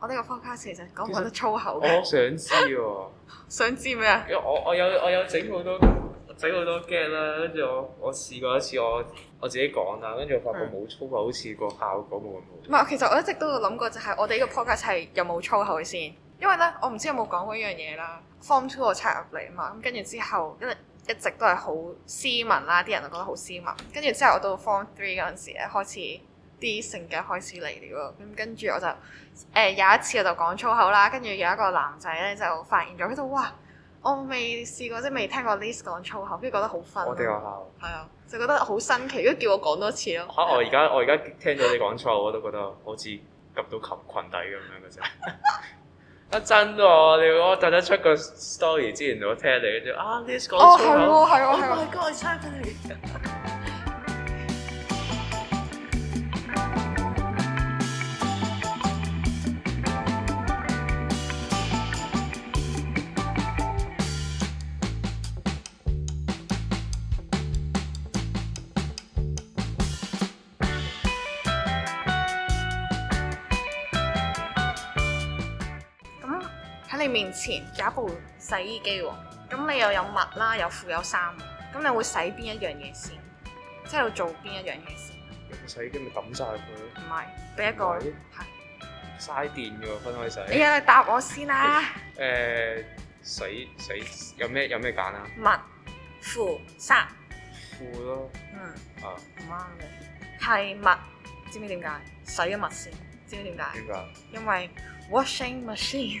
我呢個 podcast 其實講唔講得粗口，我想知喎、啊。 想知咩啊？因為我我有我有整好多整好多 g 啦，跟住我我試過一次我我自己講啦，跟住我發覺冇粗口，嗯、好似個效果冇咁好。唔係，其實我一直都有諗過就係我哋呢個 podcast 係有冇粗口嘅先，因為咧我唔知有冇講過一樣嘢啦。Form two 我插入嚟啊嘛，咁跟住之後跟一直都係好斯文啦，啲人就覺得好斯文。跟住之後我到 Form three 嗰陣時咧開始。啲性格開始嚟了咯，咁跟住我就誒、呃、有一次我就講粗口啦，跟住有一個男仔咧就發現咗，佢就哇，我未試過即係未聽過 Liz 講粗口，跟住覺得好 fun、啊、我哋學校係啊，就覺得好新奇，跟住叫我講多次咯、啊。嚇、啊！我而家吧我而家聽咗你講粗口，我都覺得好似入到及裙底咁樣嗰陣。阿真喎、哦！你我特登出個 story，之前我聽你就啊 Liz 講粗口，係喎係喎係喎。哦。前有一部洗衣機喎，咁你又有襪啦，有褲，有衫，咁你會洗邊一樣嘢先，即係要做邊一樣嘢先？用洗衣機咪抌晒佢咯？唔係，俾一個係，嘥是電嘅分開洗。你啊，答我先啦。誒、嗯呃，洗洗有咩有咩揀啊？襪、褲、衫。褲咯。嗯。啊。唔啱嘅。係襪，知唔知點解？洗咗襪先，知唔知點解？點解？因為 washing machine。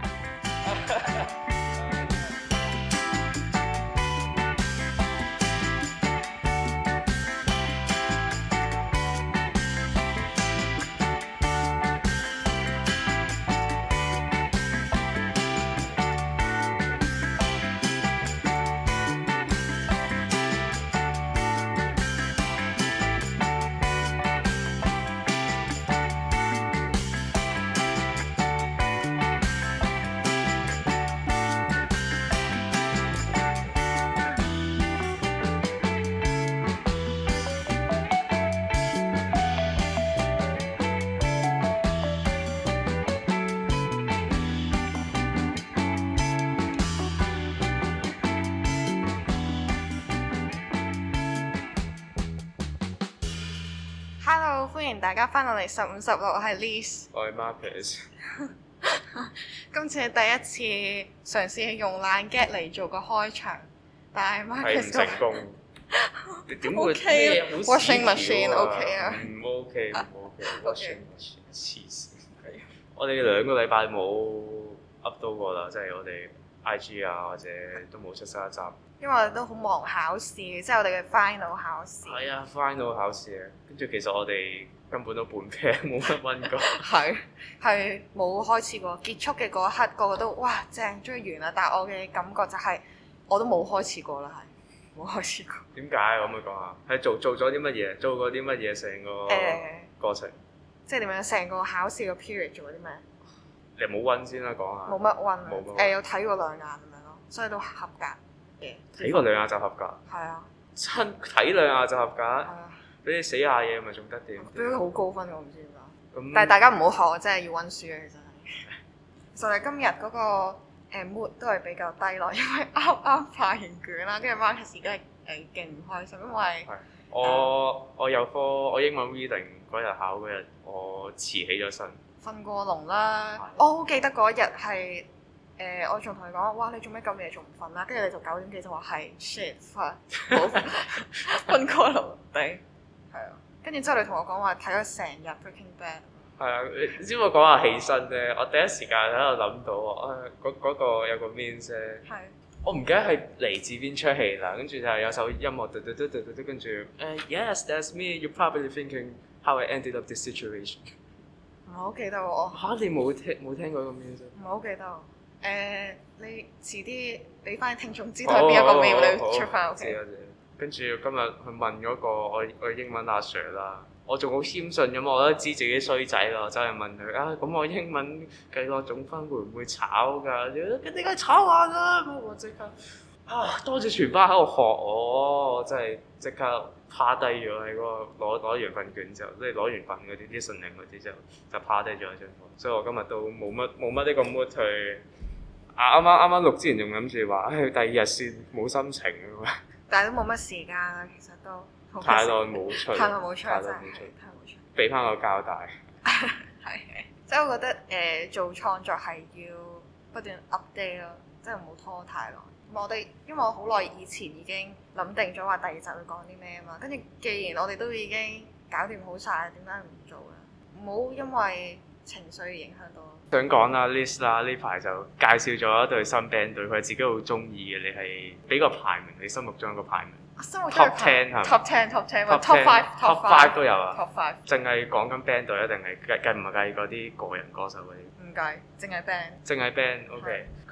大家翻落嚟十五十六係 Liz，我係 Marcus。今次係第一次嘗試用爛 gag 嚟做個開場，但係 Marcus 都唔成功。你點會 washing machine OK 啊？唔 OK 唔 OK，washing machine 黐線。我哋兩個禮拜冇 update 過啦，即係我哋 I G 啊，或者都冇出新一集。因為都好忙考試，即係我哋嘅 final 考試。係啊，final 考試啊，跟住其實我哋。根本都半 pen，冇乜温過。係係冇開始過，結束嘅嗰一刻，個個都哇正，終於完啦！但係我嘅感覺就係我都冇開始過啦，係冇開始過。點解啊？可唔可以講下？係做做咗啲乜嘢？做過啲乜嘢？成個誒過程。即係點樣？成個考試嘅 period 做過啲咩？你冇温先啦，講下。冇乜温，誒有睇過兩眼咁樣咯，所以都合格嘅。睇過兩眼就合格。係啊。真睇兩眼就合格。係啊。俾你死下嘢咪仲得啲？俾佢好高分，我唔知點解。嗯、但係大家唔好學，我真係要溫書啊。其實係，就係 今日嗰、那個誒、呃、mood 都係比較低落，因為啱啱發完卷啦，跟住 Markus 而家誒勁唔開心，因為我我有科，我英文 reading 嗰日考嗰日我遲起咗身，瞓過龍啦了、呃。我好記得嗰日係誒，我仲同佢講：哇，你做咩咁夜仲唔瞓啦？跟住你就九點幾就話係 shit 瞓，冇瞓，瞓過龍係啊，跟住之後你同我講話睇咗成日 Breaking Bad。係啊，你知我冇講話起身啫，我第一時間喺度諗到喎，啊嗰、嗰個有個 music。係是。我唔記得係嚟自邊出戲啦，跟住就係有首音樂嘟嘟嘟嘟嘟，跟住誒、uh, Yes，that's me，you're probably thinking how I ended up this situation。唔好記得喎。嚇、啊、你冇聽冇聽過個 music？唔好記得，誒、uh, 你遲啲俾翻啲聽眾知道邊一個 music、oh, oh, oh, oh, 出翻跟住今日去問嗰個我我英文阿 Sir 啦，我仲好謙信噶嘛，我都知自己衰仔啦，我走嚟問佢啊，咁我英文計個總分會唔會炒㗎？佢點解炒啊？咁我即刻啊，多謝全班喺度學我，我真係即刻趴低咗喺嗰個攞攞完份卷之後，即係攞完份嗰啲啲信令嗰啲就就趴低咗喺張台，所以我今日都冇乜冇乜呢個 mood 去。啊啱啱啱啱錄之前仲諗住話，唉第二日先冇心情啊。但係都冇乜時間啦，其實都太耐冇出，太耐冇出，太耐冇出，俾翻個交代。係，即係我， 我覺得誒、呃、做創作係要不斷 update 咯，即唔好拖太耐。我哋因為我好耐以前已經諗定咗話第二集會講啲咩啊嘛，跟住既然我哋都已經搞掂好晒，點解唔做咧？唔好因為。情緒影響到。想講啦 list 啦，呢排就介紹咗一隊新 band 隊，佢係自己好中意嘅。你係俾個排名，你心目中個排名。啊，心目中排名。Top ten 係咪？Top ten，Top ten。Top five，Top five 都有啊。Top five。淨係講緊 band 隊一定係計計唔計嗰啲個人歌手嗰啲？唔計，淨係 band。淨係 band，OK。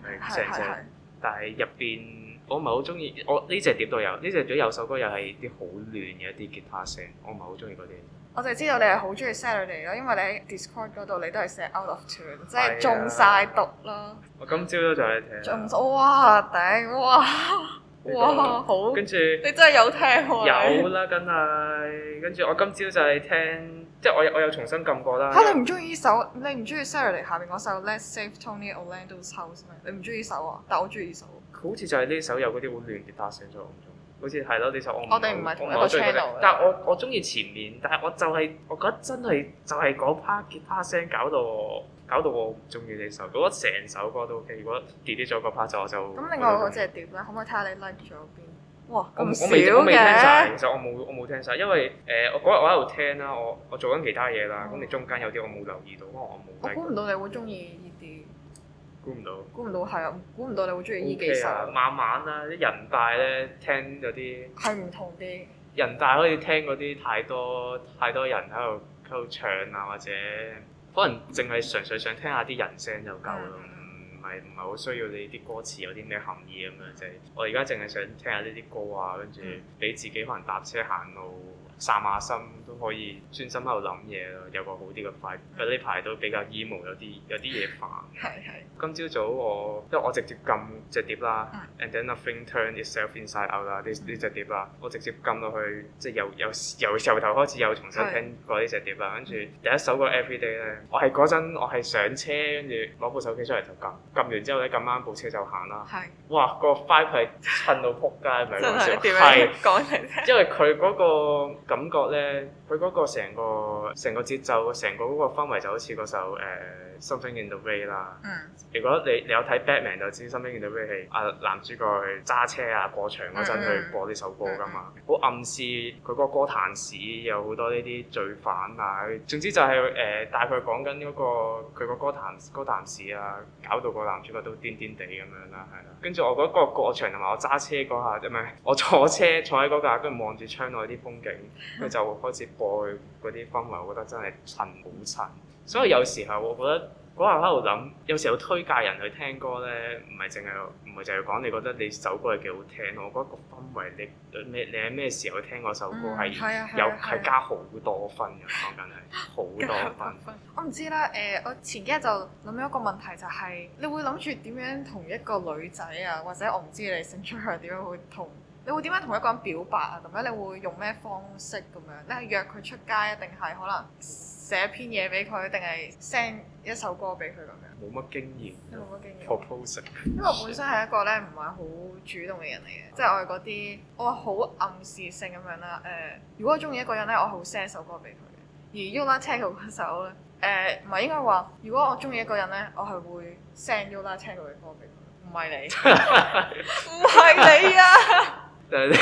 係成隻，正正但係入邊我唔係好中意，我呢隻、這個、碟都有，呢、這、隻、個、碟有首歌又係啲好亂嘅一啲吉他聲，我唔係好中意嗰啲。我就係知道你係好中意 Saturday 咯，因為你喺 Discord 嗰度你都係 set Out of Tune，即係、啊、中晒毒咯。我今朝都就係聽。仲我哇頂哇的哇好，跟住後你真係有聽？有啦，梗係，跟住我今朝就係聽。即係我又我又重新撳過啦嚇！啊、有你唔中意呢首？你唔中意 Sara Lee 下邊嗰首 Let's Save Tony Orlando House 咩？你唔中意呢首啊？但我中意呢首。好似就係呢首有嗰啲、嗯、好亂嘅吉他聲喺度，好似係咯。呢首我我哋唔我唔中意嘅。channel 但係我我中意前面，但係我就係、是、我覺得真係就係嗰 part 吉他聲搞到我搞到我唔中意呢首。我覺得成首歌都 OK，如果 delete 咗嗰 part 就我就。咁另外嗰隻碟咧？可唔可以睇下你 like 咗邊？哇，咁少嘅，其實我冇我冇聽晒，因為誒我嗰日我喺度聽啦，我我，我，我做緊其他嘢啦，咁你、嗯、中間有啲我冇留意到，我冇。我估唔到你會中意呢啲。估唔到。估唔到係啊！估唔到你會中意呢幾首。Okay 啊、慢慢啦、啊，啲人大咧聽有啲係唔同啲。嗯、人大可以聽嗰啲太多太多人喺度喺度唱啊，或者可能淨係純粹想，想聽下啲人聲就夠咯。嗯唔係唔係好需要你啲歌詞有啲咩含義咁樣，即係我而家淨係想聽下呢啲歌啊，跟住俾自己可能搭車行路。散下心都可以專心喺度諗嘢咯，有個好啲嘅快。佢呢排都比較 emo，有啲有啲嘢煩。係係。今朝早我即係我直接撳隻碟啦，And then nothing turn itself inside out 啦，呢呢隻碟啦，我直接撳落去即係由由由由頭開始又重新聽過呢隻碟啦。跟住第一首嗰 Everyday 咧，我係嗰陣我係上車跟住攞部手機出嚟就撳，撳完之後咧，咁啱部車就行啦。係。哇！個快係襯到撲街，係咪嗰陣時？係。講嚟因為佢嗰個。感覺呢？佢嗰個成個成個節奏，成個嗰個氛圍就好似嗰首誒《Something in the Way》啦。嗯。如果你你有睇《Batman》，就知《Something in the Way》係、啊、阿男主角去揸車啊過場嗰陣去播呢首歌㗎嘛。好、mm. 暗示佢個哥譚市有好多呢啲罪犯啊。總之就係、是、誒、呃，大概講緊嗰個佢個哥譚哥譚市啊，搞到個男主角都癲癲地咁樣啦，係啦。跟住我嗰個過場同埋我揸車嗰下，唔係我坐車坐喺嗰架，跟住望住窗外啲風景，佢就開始。過去嗰啲氛圍，我覺得真係襯冇襯，所以我有時候我覺得嗰日喺度諗，有時候推介人去聽歌咧，唔係淨係唔係淨係講你覺得你首歌係幾好聽，我覺得個氛圍你咩你喺咩時候聽嗰首歌係有係加好多分嘅，講緊係好多分。多分 我唔知啦，誒、呃，我前幾日就諗咗一個問題就係、是，你會諗住點樣同一個女仔啊，或者我唔知你性取向點樣會同？你會點樣同一個人表白啊？咁樣你會用咩方式咁樣？你係約佢出街，一定係可能寫篇嘢俾佢，定係 send 一首歌俾佢咁樣？冇乜經驗。你冇乜經驗。Proposal？因為我本身係一個咧唔係好主動嘅人嚟嘅，即係我係嗰啲我好暗示性咁樣啦。誒，如果我中意一個人咧，我好 send 首歌俾佢嘅。而 Ultracall 嗰首咧，誒唔係應該話，如果我中意一個人咧，我係會 send Ultracall 嘅歌俾佢。唔係你，唔係 你啊！就係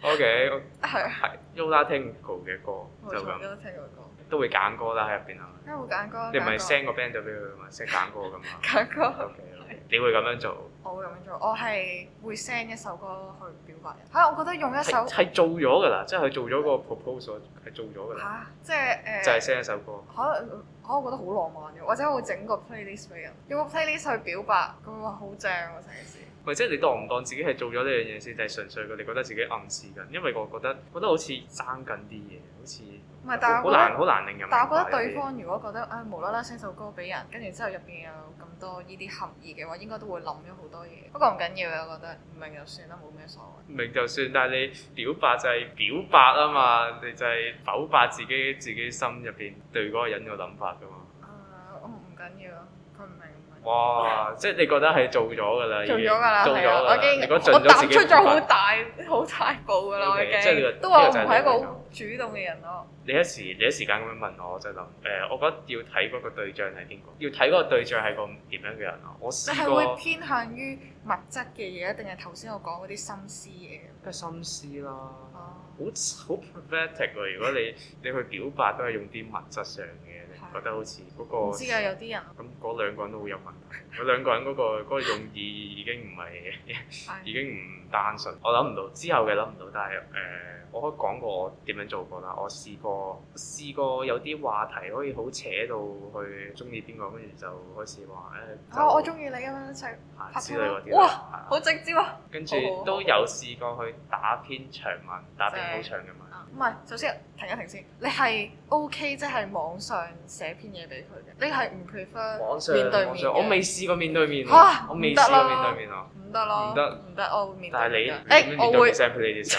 OK，係係 Yo La Tengo 嘅歌就咁。我都聽過歌。都會揀歌啦喺入邊啊。梗係會揀歌，你唔係 send 個 band 俾佢啊嘛，send 揀歌咁嘛。揀歌。OK，你會咁樣做？我會咁做，我係會 send 一首歌去表白。係啊，我覺得用一首係做咗㗎啦，即係佢做咗個 proposal 係做咗㗎。嚇！即係誒。就係 send 一首歌。可能，可能。我覺得好浪漫嘅，或者我會整個 playlist 俾人。用個 playlist 去表白，咁哇好正喎成件事。唔係，即係你當唔當自己係做咗呢樣嘢先，就係純粹佢哋覺得自己暗示緊？因為我覺得覺得好似爭緊啲嘢，好似好難好難令人。但係我覺得對方如果覺得唉、哎、無啦啦寫首歌俾人，跟住之後入邊有咁多呢啲含義嘅話，應該都會諗咗好多嘢。不過唔緊要，我覺得唔明就算啦，冇咩所謂。唔明就算，但係你表白就係表白啊嘛，你就係否白自己自己心入邊對嗰個人嘅諗法㗎嘛。啊，唔、哦、唔緊要。哇！即係你覺得係做咗㗎啦，已經做咗，我已經我踏出咗好大好大步㗎啦，已經都話唔係一個好主動嘅人咯。你一時你一時間咁樣問我，我就諗誒，我覺得要睇嗰個對象係邊個，要睇嗰個對象係個點樣嘅人咯。我係會偏向於物質嘅嘢，定係頭先我講嗰啲心思嘢？嘅心思咯，好好 practical，如果你你去表白都係用啲物質上嘅。覺得好似嗰、那個，唔知㗎，有啲人。咁嗰、嗯、兩個人都好有問題。佢 兩個人嗰、那個嗰種、那個、意已經唔係， 已經唔單純。我諗唔到，之後嘅諗唔到，但係誒、呃，我可以講過我點樣做過啦。我試過，我試過有啲話題可以好扯到去中意邊個，跟住就開始話誒、呃啊，我中意你咁樣一齊行之類嗰啲哇的。好直接啊！跟住都有試過去打篇長文，就是、打篇好長嘅文。唔係，首先停一停先。你係 O K，即係網上寫篇嘢俾佢嘅。你係唔 prefer 上面對面嘅？我未試過面對面。哇、啊！我未試過面對面啊！唔得咯！唔得唔得，我會面對面。但係你，你、欸、我會 s e 你啲嘢。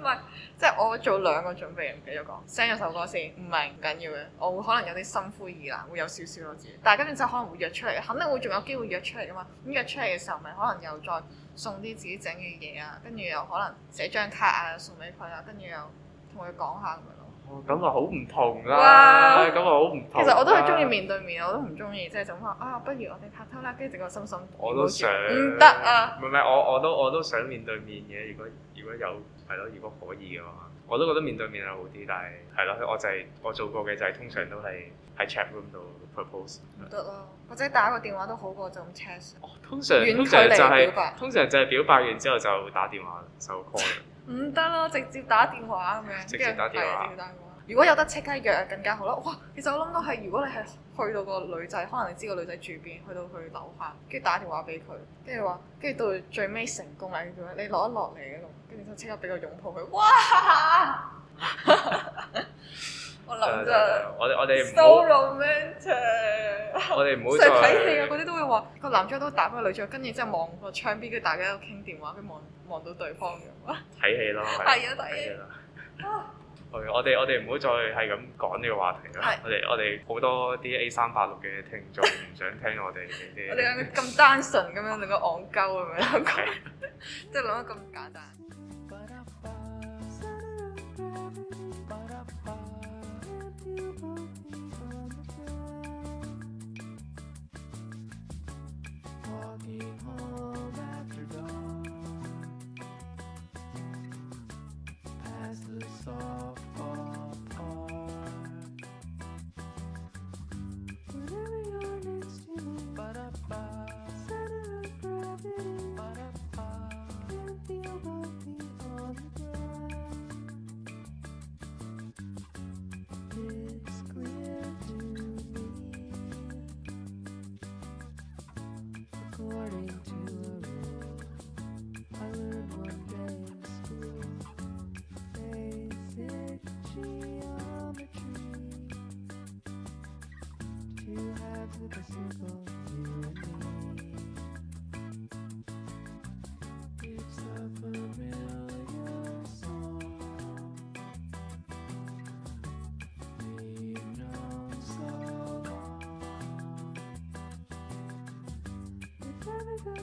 唔係，即係我做兩個準備，唔記得講。send 一首歌先，唔係唔緊要嘅。我會可能有啲心灰意冷，會有少少咯，知。但係跟住之後可能會約出嚟，肯定會仲有機會約出嚟㗎嘛。咁約出嚟嘅時候，咪可能又再。送啲自己整嘅嘢啊，跟住又可能寫張卡啊送俾佢啊，跟住又同佢講下咁樣咯。哦，咁啊好唔同啦，咁啊好唔同。其實我都係中意面對面，我都唔中意即係想話啊，不如我哋拍拖啦，跟住整個心心。我都想。唔得啊！唔係唔係我我都我都想面對面嘅。如果如果有係咯，如果可以嘅話。我都覺得面對面係好啲，但係係咯，我就係、係、我做過嘅就係、係、通常都係喺 chat room 度 propose 得咯，或者打個電話都好過就 chat。哦，通常距通常就係、表白，通常就係表白完之後就打電話，就 call。唔得咯，直接打電話咁樣， 直接打電話，直接打電話。如果有得即刻約，更加好啦！哇，其實我諗到係，如果你係去到個女仔，可能你知個女仔住邊，去到佢樓下，跟住打電話俾佢，跟住話，跟住到最尾成功啦！你落一落嚟度，跟住就即刻俾個擁抱佢，哇！ 我諗真著我哋我哋，so romantic，我哋唔會再睇戲啊！嗰啲都會話個男仔都打俾個女仔，跟住之後望個窗邊跟住大家都傾電話，佢望望到對方嘅，睇 戲咯，係啊，係啊，睇戲呀。我哋我哋唔好再係咁講呢個話題啦。我哋我哋好多啲 A 三八六嘅聽眾唔想聽我哋呢啲。我哋兩個咁單純咁樣，仲咁戇鳩咁樣即係諗得咁簡單。其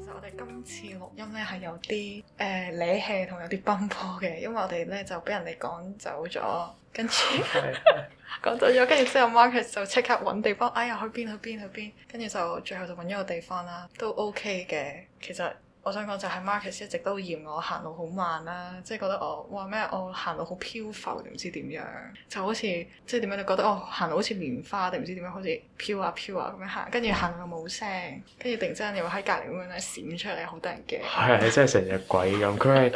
實我哋今次錄音咧係有啲誒，嗲氣同有啲奔波嘅，因為我哋咧就俾人哋趕走咗，跟住趕 走咗，跟住之後 Marcus 就即刻揾地方，哎呀去邊去邊去邊，跟住就最後就揾一個地方啦，都 OK 嘅，其實。我想講就係 Marcus 一直都嫌我行路好慢啦、啊，即、就、係、是、覺得我哇咩我行路好漂浮定唔知點樣，就好似即係點樣？你覺得我行路好似棉花定唔知點樣？好似漂啊漂啊咁樣行，跟住行又冇聲，跟住突然之間又喺隔離咁樣咧閃出嚟，好得人驚。係啊，你真係成隻鬼咁！佢係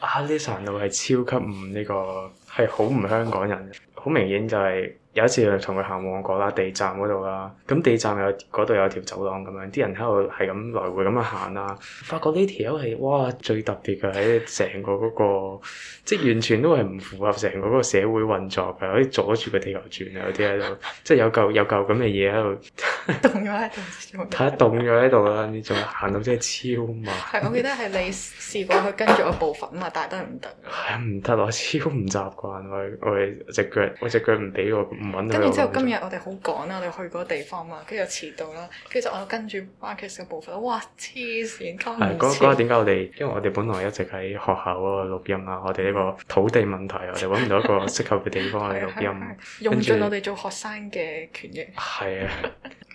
啊呢行路係超級唔呢個，係好唔香港人， 好明顯就係、是。有一次係同佢行旺角啦，地站嗰度啦，咁地站有嗰度有條走廊咁樣，啲人喺度係咁來回咁樣行啦，發覺呢條友係哇最特別嘅喺成個嗰個，即係完全都係唔符合成個嗰個社會運作嘅，可以阻住個地球轉啊！嗰啲喺度，即係有嚿有嚿咁嘅嘢喺度，凍咗喺度。睇下凍咗喺度啦，你仲行到真係超慢。係， 我記得係你試過去跟住我步伐嘛，但係都係唔得。係唔得咯，我超唔習慣我我隻腳，我隻腳唔俾我。跟住之後，今日我哋好趕啦，我哋去嗰個地方嘛，跟住又遲到啦。跟住我又跟住 Marcus 嘅步伐，哇！黐線，講唔切。係，講講下點解我哋，因為我哋本來一直喺學校嗰個錄音啊，我哋呢個土地問題，我哋揾唔到一個適合嘅地方嚟錄音，用盡我哋做學生嘅權益。係啊。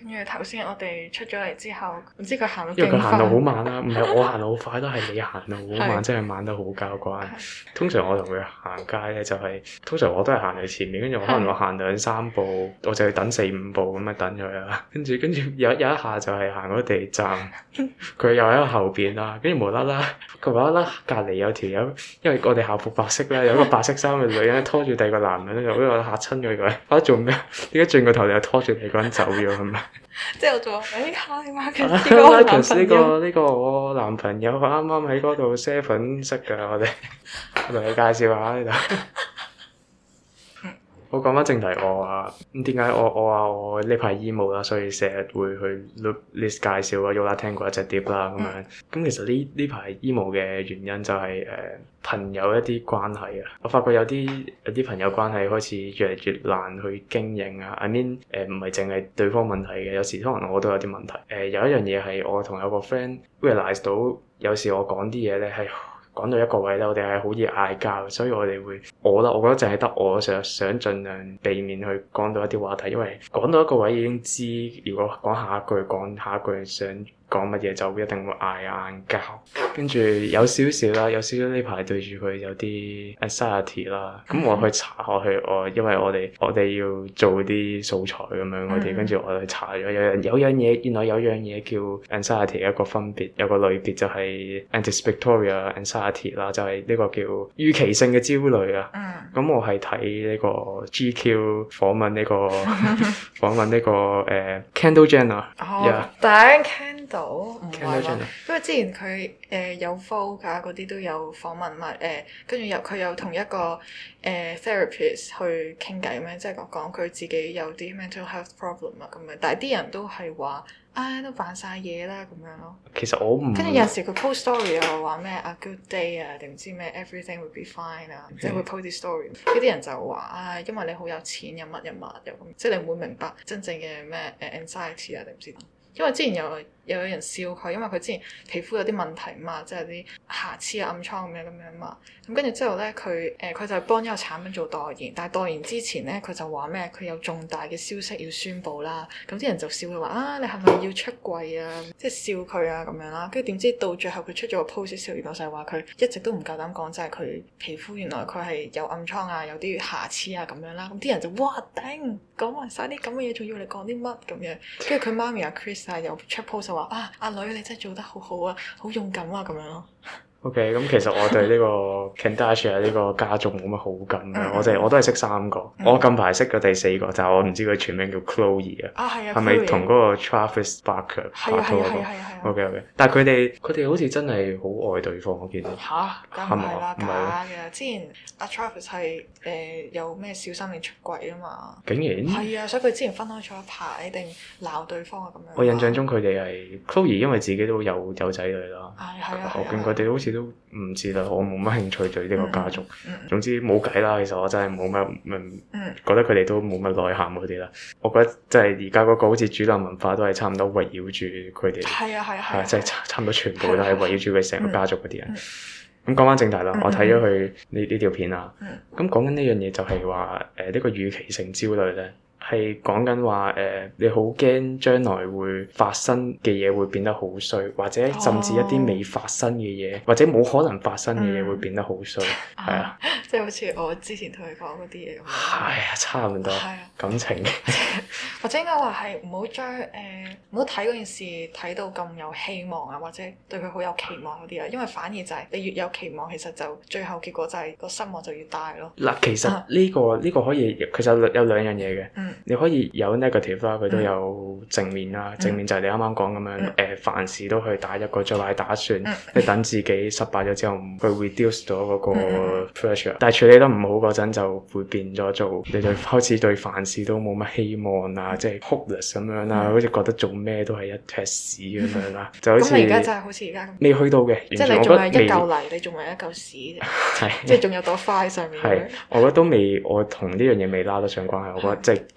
跟住頭先我哋出咗嚟之後，唔知佢行到幾快。因為佢行路好慢啦，唔係我行路好快，都係你行路好慢，真係慢得好交關。通常我同佢行街咧，就係通常我都係行喺前面，跟住我可能我行到。三步，我就要等四五步咁啊，樣等佢啦。跟住跟住有有一下就係行嗰地鐵站，佢又喺我後邊啦。跟住無啦啦，佢無啦啦隔籬有條友，因為我哋校服白色啦，有個白色衫嘅女人拖住第二個男人咧，就俾我嚇親佢個，佢、啊、做咩？點解轉個頭又拖住第二個人走咗？係咪？即係我仲話誒，Hi Marcus，Marcus 呢個呢 個我男朋友，啱啱喺嗰度 seven 識噶，我哋同 你介紹下呢度。我講翻正題，哦、我話點解我我話我呢排 emo 啦，所以成日會去 look list 介紹啊，喐啦聽過一隻碟啦咁樣。咁其實呢呢排 emo 嘅原因就係、是、誒、呃、朋友一啲關係啊。我發覺有啲有啲朋友關係開始越嚟越難去經營啊。I mean 誒唔係淨係對方問題嘅，有時可能我都有啲問題。誒、呃、有一樣嘢係我同有個 friend realize 到，有時我講啲嘢咧係。講到一個位咧，我哋係好易嗌交，所以我哋會，我咧，我覺得淨係得我想想盡量避免去講到一啲話題，因為講到一個位已經知，如果講下一句，講下一句想，講乜嘢就一定會嗌眼交，跟住有少少啦，有少少呢排對住佢有啲 anxiety 啦。咁 Okay. 我去查，下去我因為我哋我哋要做啲素材咁樣，我哋跟住我去查咗有，有樣有樣嘢，原來有樣嘢叫 anxiety 一個分別，有個類別就係 anticipatory anxiety 啦，就係、是、呢個叫預期性嘅焦慮啊。嗯，咁我係睇呢個 GQ 訪問呢、呢個 訪問呢、呢個誒 Kendall Jenner 好 a l 到唔係咯，因為之前佢誒、呃、有 post 啊嗰啲都有訪問物誒，跟、呃、住又佢有同一個誒、呃、therapist 去傾偈咁咩，即係講講佢自己有啲 mental health problem 啊咁樣，但係啲人都係話唉，都扮晒嘢啦咁樣咯。其實我唔跟住有時佢 post story 又話咩 a good day 啊定唔知咩 everything would be fine 啊，Okay. 即係會 post 啲 story，呢啲人就話啊、哎、因為你好有錢有乜有乜有咁，即係你唔會明白真正嘅咩誒 anxiety 啊定唔知，因為之前有。又有人笑佢，因為佢之前皮膚有啲問題嘛，即係啲瑕疵啊、暗瘡咁樣咁樣嘛。咁跟住之後咧，佢誒佢就係幫一個產品做代言，但係代言之前咧，佢就話咩？佢有重大嘅消息要宣布啦。咁啲人就笑佢話啊，你係咪要出櫃啊？即係笑佢啊咁樣啦。跟住點知到最後佢出咗個 post，笑完老細話佢一直都唔夠膽講，就係佢皮膚原來佢係有暗瘡啊、有啲瑕疵啊咁樣啦。咁啲人就哇頂，講埋晒啲咁嘅嘢，仲要你講啲乜咁樣？跟住佢媽咪阿 Chris 啊，又出 post。話啊，阿女你真係做得好好啊，好勇敢啊咁樣咯～ O.K. 咁其實我對呢個 Kardashian 啊，呢個家族冇乜好感啊。我哋我都係識三個，我近排識咗第四個就係我唔知佢全名叫 Chloe 啊。啊 Chloe 係咪同嗰個 Travis Barker 拍拖？O.K. O.K. 但係佢哋佢哋好似真係好愛對方我見到吓，唔係啦嘅。之前阿 Travis 係誒有咩小心你出軌啊嘛，竟然係啊，所以佢之前分開咗一排定鬧對方啊咁樣。我印象中佢哋係 Chloe 因為自己都有有仔女啦，我見佢哋好似。都唔知啦，我冇乜興趣對呢個家族。總之冇計啦，其實我真係冇乜，覺得佢哋都冇乜內涵嗰啲啦。我覺得即係而家嗰個好似主流文化都係差唔多圍繞住佢哋。係啊係啊係啊，即係、啊啊、差差唔多全部都係圍繞住佢成個家族嗰啲人。咁講返正題啦，我睇咗佢呢呢條片啦。咁講緊呢樣嘢就係話，誒呢個預期性焦慮咧。係講緊話誒，你好驚將來會發生嘅嘢會變得好衰，或者甚至一啲未發生嘅嘢，或者冇可能發生嘅嘢會變得好衰，係、嗯、啊，啊即係好似我之前同你講嗰啲嘢咁，係、哎、啊，差唔多，啊，感情或，或者應該話係唔好將誒唔好睇嗰件事睇到咁有希望啊，或者對佢好有期望嗰啲啊，因為反而就係你越有期望，其實就最後結果就係個失望就越大咯。嗱、呢個啊，其實呢個呢個可以其實有兩樣嘢嘅。嗯你可以有 negative 啦，佢都有正面啦。正面就係你啱啱講咁樣，誒凡事都去打一個最壞打算，去等自己失敗咗之後去 reduce 咗嗰個 pressure。但係處理得唔好嗰陣就會變咗做，你就開始對凡事都冇乜希望啊，即係 hopeless 咁樣啦，好似覺得做咩都係一坨屎咁樣啦。就好似而家真係好似而家咁，未去到嘅，即係你仲係一嚿泥，你仲係一嚿屎，即係仲有朵花喺上面。係，我覺得都未，我同呢樣嘢未拉得上關係。我覺得即係。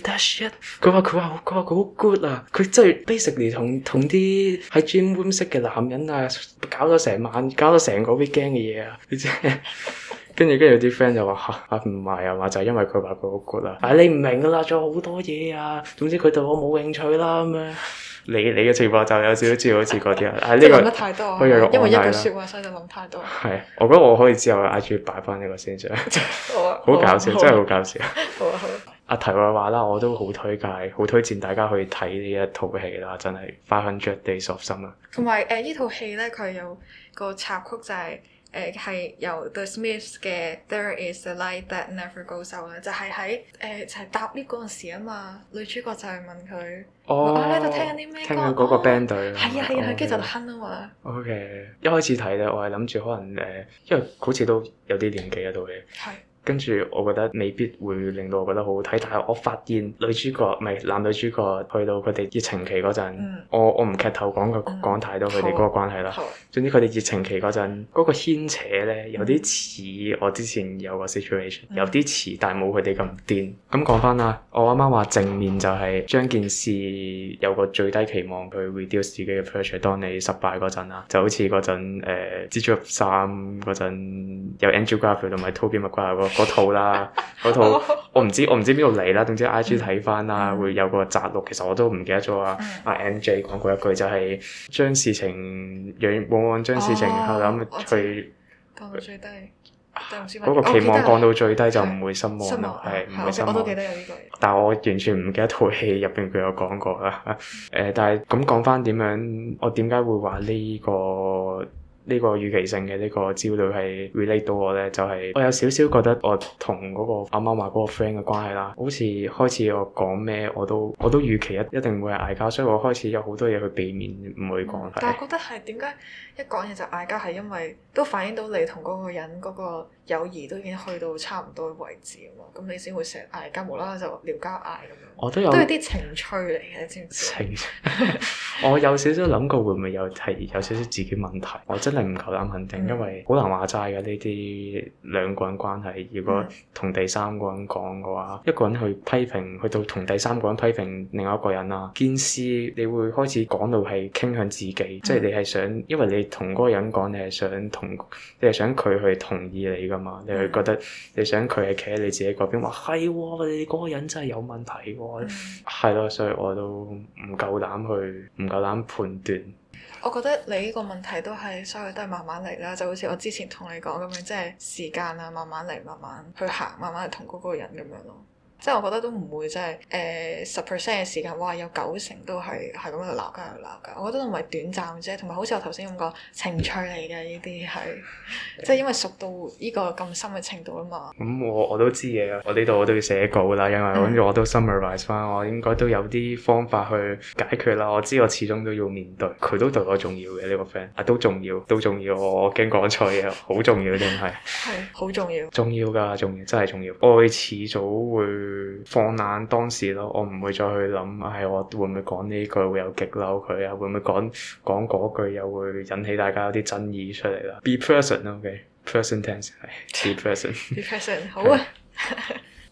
佢話佢話佢話佢好 good 啊！佢真係 basically 同同啲喺 gym room 識嘅男人啊，搞咗成晚，搞咗成個 weekend 嘅嘢啊！跟住跟住啲 friend 就話吓唔係啊嘛，就係因為佢話佢好 good 啊！啊你唔明啦，做好多嘢啊！總之佢對我冇興趣啦咁樣。你你嘅情況就有少少似好似嗰啲啊！啊呢個，因為一句説話所以就諗太多。係，我覺得我可以之後喺 IG 擺翻呢個先上。好搞笑，真係好搞笑。好啊好。阿題外話啦，我都好推介、好推薦大家去睇呢一套戲啦，真係《500 Days of Summer》。同埋誒，呢套戲咧，佢有個插曲就係誒係由 The Smiths 嘅 There Is A Light That Never Goes Out 啦，就係喺誒就係搭 lift 嗰陣時啊嘛，女主角就係問佢：我喺度聽緊啲咩歌？聽緊嗰個 band 隊。係啊係啊，佢跟住就哼啊嘛。OK，一開始睇咧，我係諗住可能誒，因為好似都有啲年紀啊套戲。係的。跟住，我覺得未必會令到我覺得好好睇，但係我發現女主角唔係男女主角去到佢哋熱情期嗰陣、嗯，我我唔劇透講嘅講太多佢哋嗰個關係啦。嗯嗯嗯、總之佢哋熱情期嗰陣，嗰、嗯、個牽扯咧有啲似我之前有個 situation，有啲似、嗯，但係冇佢哋咁癲。咁講翻啦，我啱啱話正面就係、是、將件事有個最低期望，佢 reduce 自己嘅 pressure。當你失敗嗰陣啊，就好似嗰陣誒蜘蛛俠三嗰陣有 Angela Grey 同埋 Toby McGuire 嗰。嗰 套啦，嗰套我唔知我唔知邊度嚟啦，總之 I G 睇翻啦，嗯、會有個摘錄。其實我都唔記得咗啊！阿 N J 講過一句就係、係、將事情，往往將事情、哦、去降到最低，嗰、啊、個期望降到最低就唔會失望，係唔會失望。係、okay，我但我完全唔記得套戲入邊佢有講過啦。誒、嗯呃，但係咁講翻點樣？我點解會話呢、呢個？呢個預期性嘅呢、這個焦慮係 relate 到我呢，就係、是、我有少少覺得我同嗰個阿媽話嗰個 friend 嘅關係啦，好似開始我講咩我都我都預期一一定會係嗌交，所以我開始有好多嘢去避免唔去講、嗯。但係覺得係點解一講嘢就嗌交係因為都反映到你同嗰個人嗰，那個友誼都已經去到差唔多位置啊，咁你先會成嗌交，無啦啦就撩交嗌咁樣，我都有，係啲情趣嚟嘅，知唔知？情趣， 我有少少諗過會唔會有係有少少自己問題，我真係唔夠膽肯定，因為好難話齋嘅呢啲兩個人關係。如果同第三個人講嘅話，嗯、一個人去批評，去到同第三個人批評另外一個人啊，件事你會開始講到係傾向自己，即係、嗯、你係想，因為你同嗰個人講，你係想同你係想佢去同意你咁。你會覺得你想佢係企喺你自己嗰邊，話係喎，你嗰個人真係有問題喎、哦，係咯、嗯，所以我都唔夠膽去，唔夠膽判斷。我覺得你呢個問題都係，所以都係慢慢嚟啦，就好似我之前同你講咁樣，即係時間啊，慢慢嚟，慢慢去行，慢慢去同嗰個人咁樣咯。即係我覺得都唔會，即係誒十 percent 嘅時間，哇有九成都係係咁喺度鬧交，喺度鬧交。我覺得都唔係短暫啫，同埋好似我頭先咁講，情趣嚟嘅呢啲係，即係因為熟到呢個咁深嘅程度啊嘛。咁我我都知嘢啦，我呢度我都要寫稿啦，因為跟住我都 summarize 翻，我應該都有啲方法去解決啦。我知我始終都要面對，佢都對我重要嘅呢個 friend，啊都重要，都重要，我驚講錯嘢，好重要定係？係好重要。重要㗎，重要，真係重要。愛遲早會。放冷當時咯，我唔會再去諗，係、啊、我會唔會講呢句會有激嬲佢啊？會唔會講講嗰句又會引起大家啲爭議出嚟啦？Be present，OK？Present tense 係 Be present，Be present 好啊。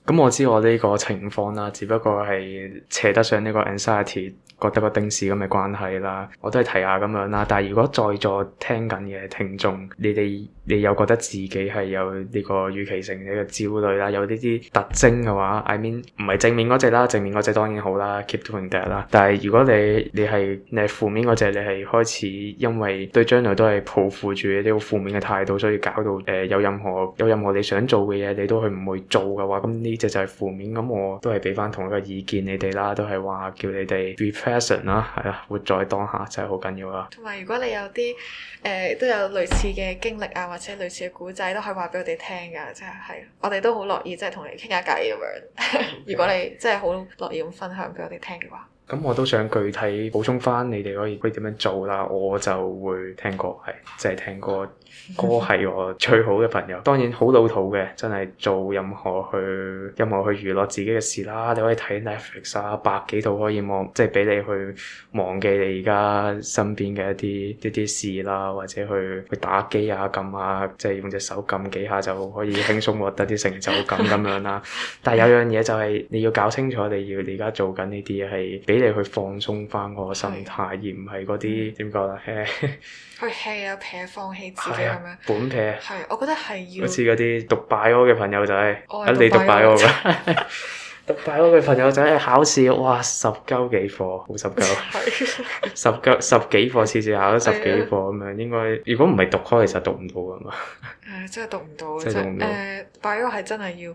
咁、 嗯、我知我呢個情況啦，只不過係扯得上呢個 anxiety 覺得個定事咁嘅關係啦，我都係提下咁樣啦。但係如果在座聽緊嘅聽眾，你哋……你有覺得自己係有呢個預期性嘅一個焦慮啦，有呢啲特徵嘅話，I mean 唔係正面嗰隻啦，正面嗰隻當然好啦，keep doing that 啦。但係如果你你係你係負面嗰隻，你係開始因為對將來都係抱負住呢個負面嘅態度，所以搞到誒、呃、有任何有任何你想做嘅嘢，你都去唔會做嘅話，咁呢隻就係負面。咁我都係俾翻同一個意見你哋啦，都係話叫你哋 repression 啦，係啊，活在當下就係好緊要啦。同埋如果你有啲誒、呃、都有類似嘅經歷啊。或者類似嘅古仔都可以話俾我哋聽㗎，即係我哋都好樂意，即係同你傾下偈咁樣。 如果你即係好樂意咁分享俾我哋聽嘅話，咁、嗯、我都想具體補充翻，你哋可以點樣做啦？我就會聽歌，係即係聽歌。嗯歌係我最好嘅朋友，當然好老土嘅，真係做任何去任何去娛樂自己嘅事啦。你可以睇 Netflix 啊，百幾套可以望，即係俾你去忘記你而家身邊嘅一啲啲啲事啦，或者去去打機啊，撳下即係、就是、用隻手撳幾下就可以輕鬆獲得啲成就感咁樣啦。 但係有樣嘢就係你要搞清楚，你要你而家做緊呢啲嘢係俾你去放鬆翻個心態，嗯、而唔係嗰啲點講咧？嗯哎、去 hea 啊，撇放棄自己、哎。本撇，係，我覺得係要。好似嗰啲讀 bio 嘅朋友仔，啊你讀 bio 嘅，讀 bio 嘅朋友仔考試，哇十鳩幾課，好十鳩，十鳩十幾課次次考咗十幾課咁樣，應該如果唔係讀開，其實讀唔到㗎嘛。誒，真係讀唔到，即係誒，bio 係真係要。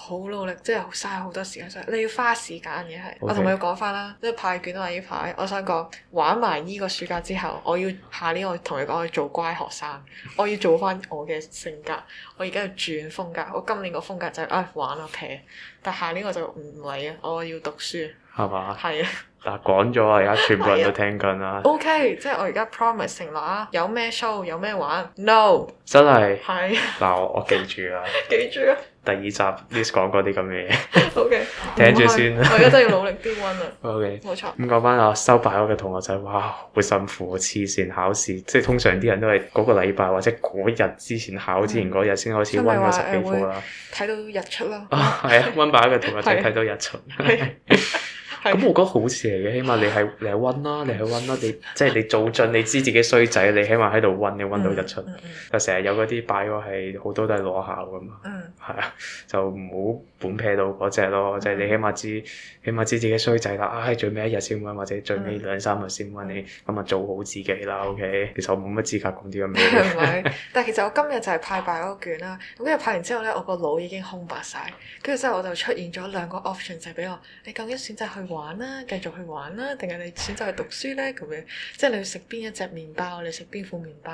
好努力，即係好嘥好多時間。所以你要花時間嘅係，Okay. 我同佢講翻啦。即係派卷啊！呢排我想講玩埋呢個暑假之後，我要下年我同你講，去做乖學生，我要做翻我嘅性格。我而家要轉風格。我今年個風格就係、是、啊、哎、玩啊撇，但下年我就唔嚟啊！我要讀書。係嘛吧？係啊。但係講咗啊，而家全部人都聽緊、 啊 okay，啦。O K，即係我而家 promise 承諾啊，有咩 show 有咩玩？No，真係。係。嗱，我我記住啦。 記住啊！第二集呢講過啲咁嘅嘢，OK，聽住先。我而家都要努力啲温啦。OK，冇錯錯。咁講翻啊，收八科嘅同學仔，哇，好辛苦啊！黐線考試，即係通常啲人都係嗰個禮拜或者嗰日之前考，之前嗰、嗯、日先開始温個十幾科啦。睇到日出啦。啊、哦，係啊，温八科嘅同學仔睇到日出。 是的 咁我覺得好事嚟嘅，起碼你係你係温啦，你係温啦，你即係你做盡，你知自己衰仔，你起碼喺度温，你温到日出。又成日有嗰啲敗咗係好多都係裸考㗎嘛，係啊、嗯，就唔好本撇到嗰隻咯。即、就、係、是、你起碼知，起碼知自己衰仔啦。唉、哎，最尾一日先温，或者最尾兩三日先温你，咁啊做好自己啦，OK。其實我冇乜資格講啲咁嘅嘢。係 但係其實我今日就係派弊嗰卷啦。咁、嗯、今日派完之後咧，我個腦已經空白晒。跟住之後我就出現咗兩個 option 就係俾我，你究竟選擇去？玩啦，繼續去玩啦，定係你選擇去讀書咧咁樣？即係你要食邊一隻麵包？你食邊副麵包？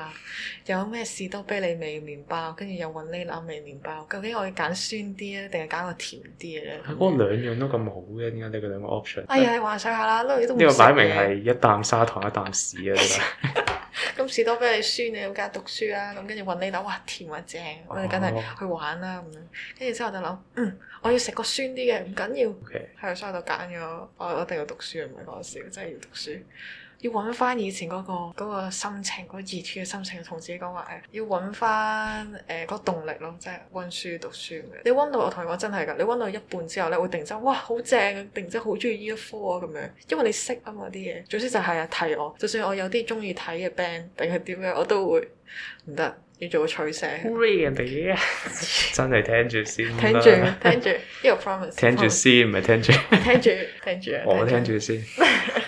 有咩士多啤梨味麵包？跟住有雲呢拿味麵包？究竟我要揀酸啲咧，定係揀個甜啲嘅咧？嗰兩樣都咁好嘅，點解你嘅兩個 option？哎呀，你幻想下啦，都呢個擺明係一啖砂糖一啖屎啊！咁 士多啤梨酸你咁梗係讀書啦。咁跟住雲呢拿，哇，甜啊正，哦、我哋梗係去玩啦咁樣。跟、嗯、住之後我就諗，嗯，我要食個酸啲嘅，唔緊要，係 Okay. 所以我就揀咗。我一定要讀書，唔係講笑，真係要讀書，要揾翻以前嗰個嗰個心情，嗰個熱血嘅心情，同自己講話誒，要揾翻誒嗰動力咯，即係溫書讀書咁樣。你溫到我同你講真係㗎，你溫到一半之後咧，你會突然之間哇，好正，突然之間好中意依一科啊咁樣，因為你識啊嘛啲嘢。總之就係啊替我，就算我有啲中意睇嘅 band 定係點樣，我都會唔得。要做個取捨，Really? 真係聽住先。 聽住，聽住，呢個 promise。聽住 先，唔係聽住。聽住，聽住。我聽住先，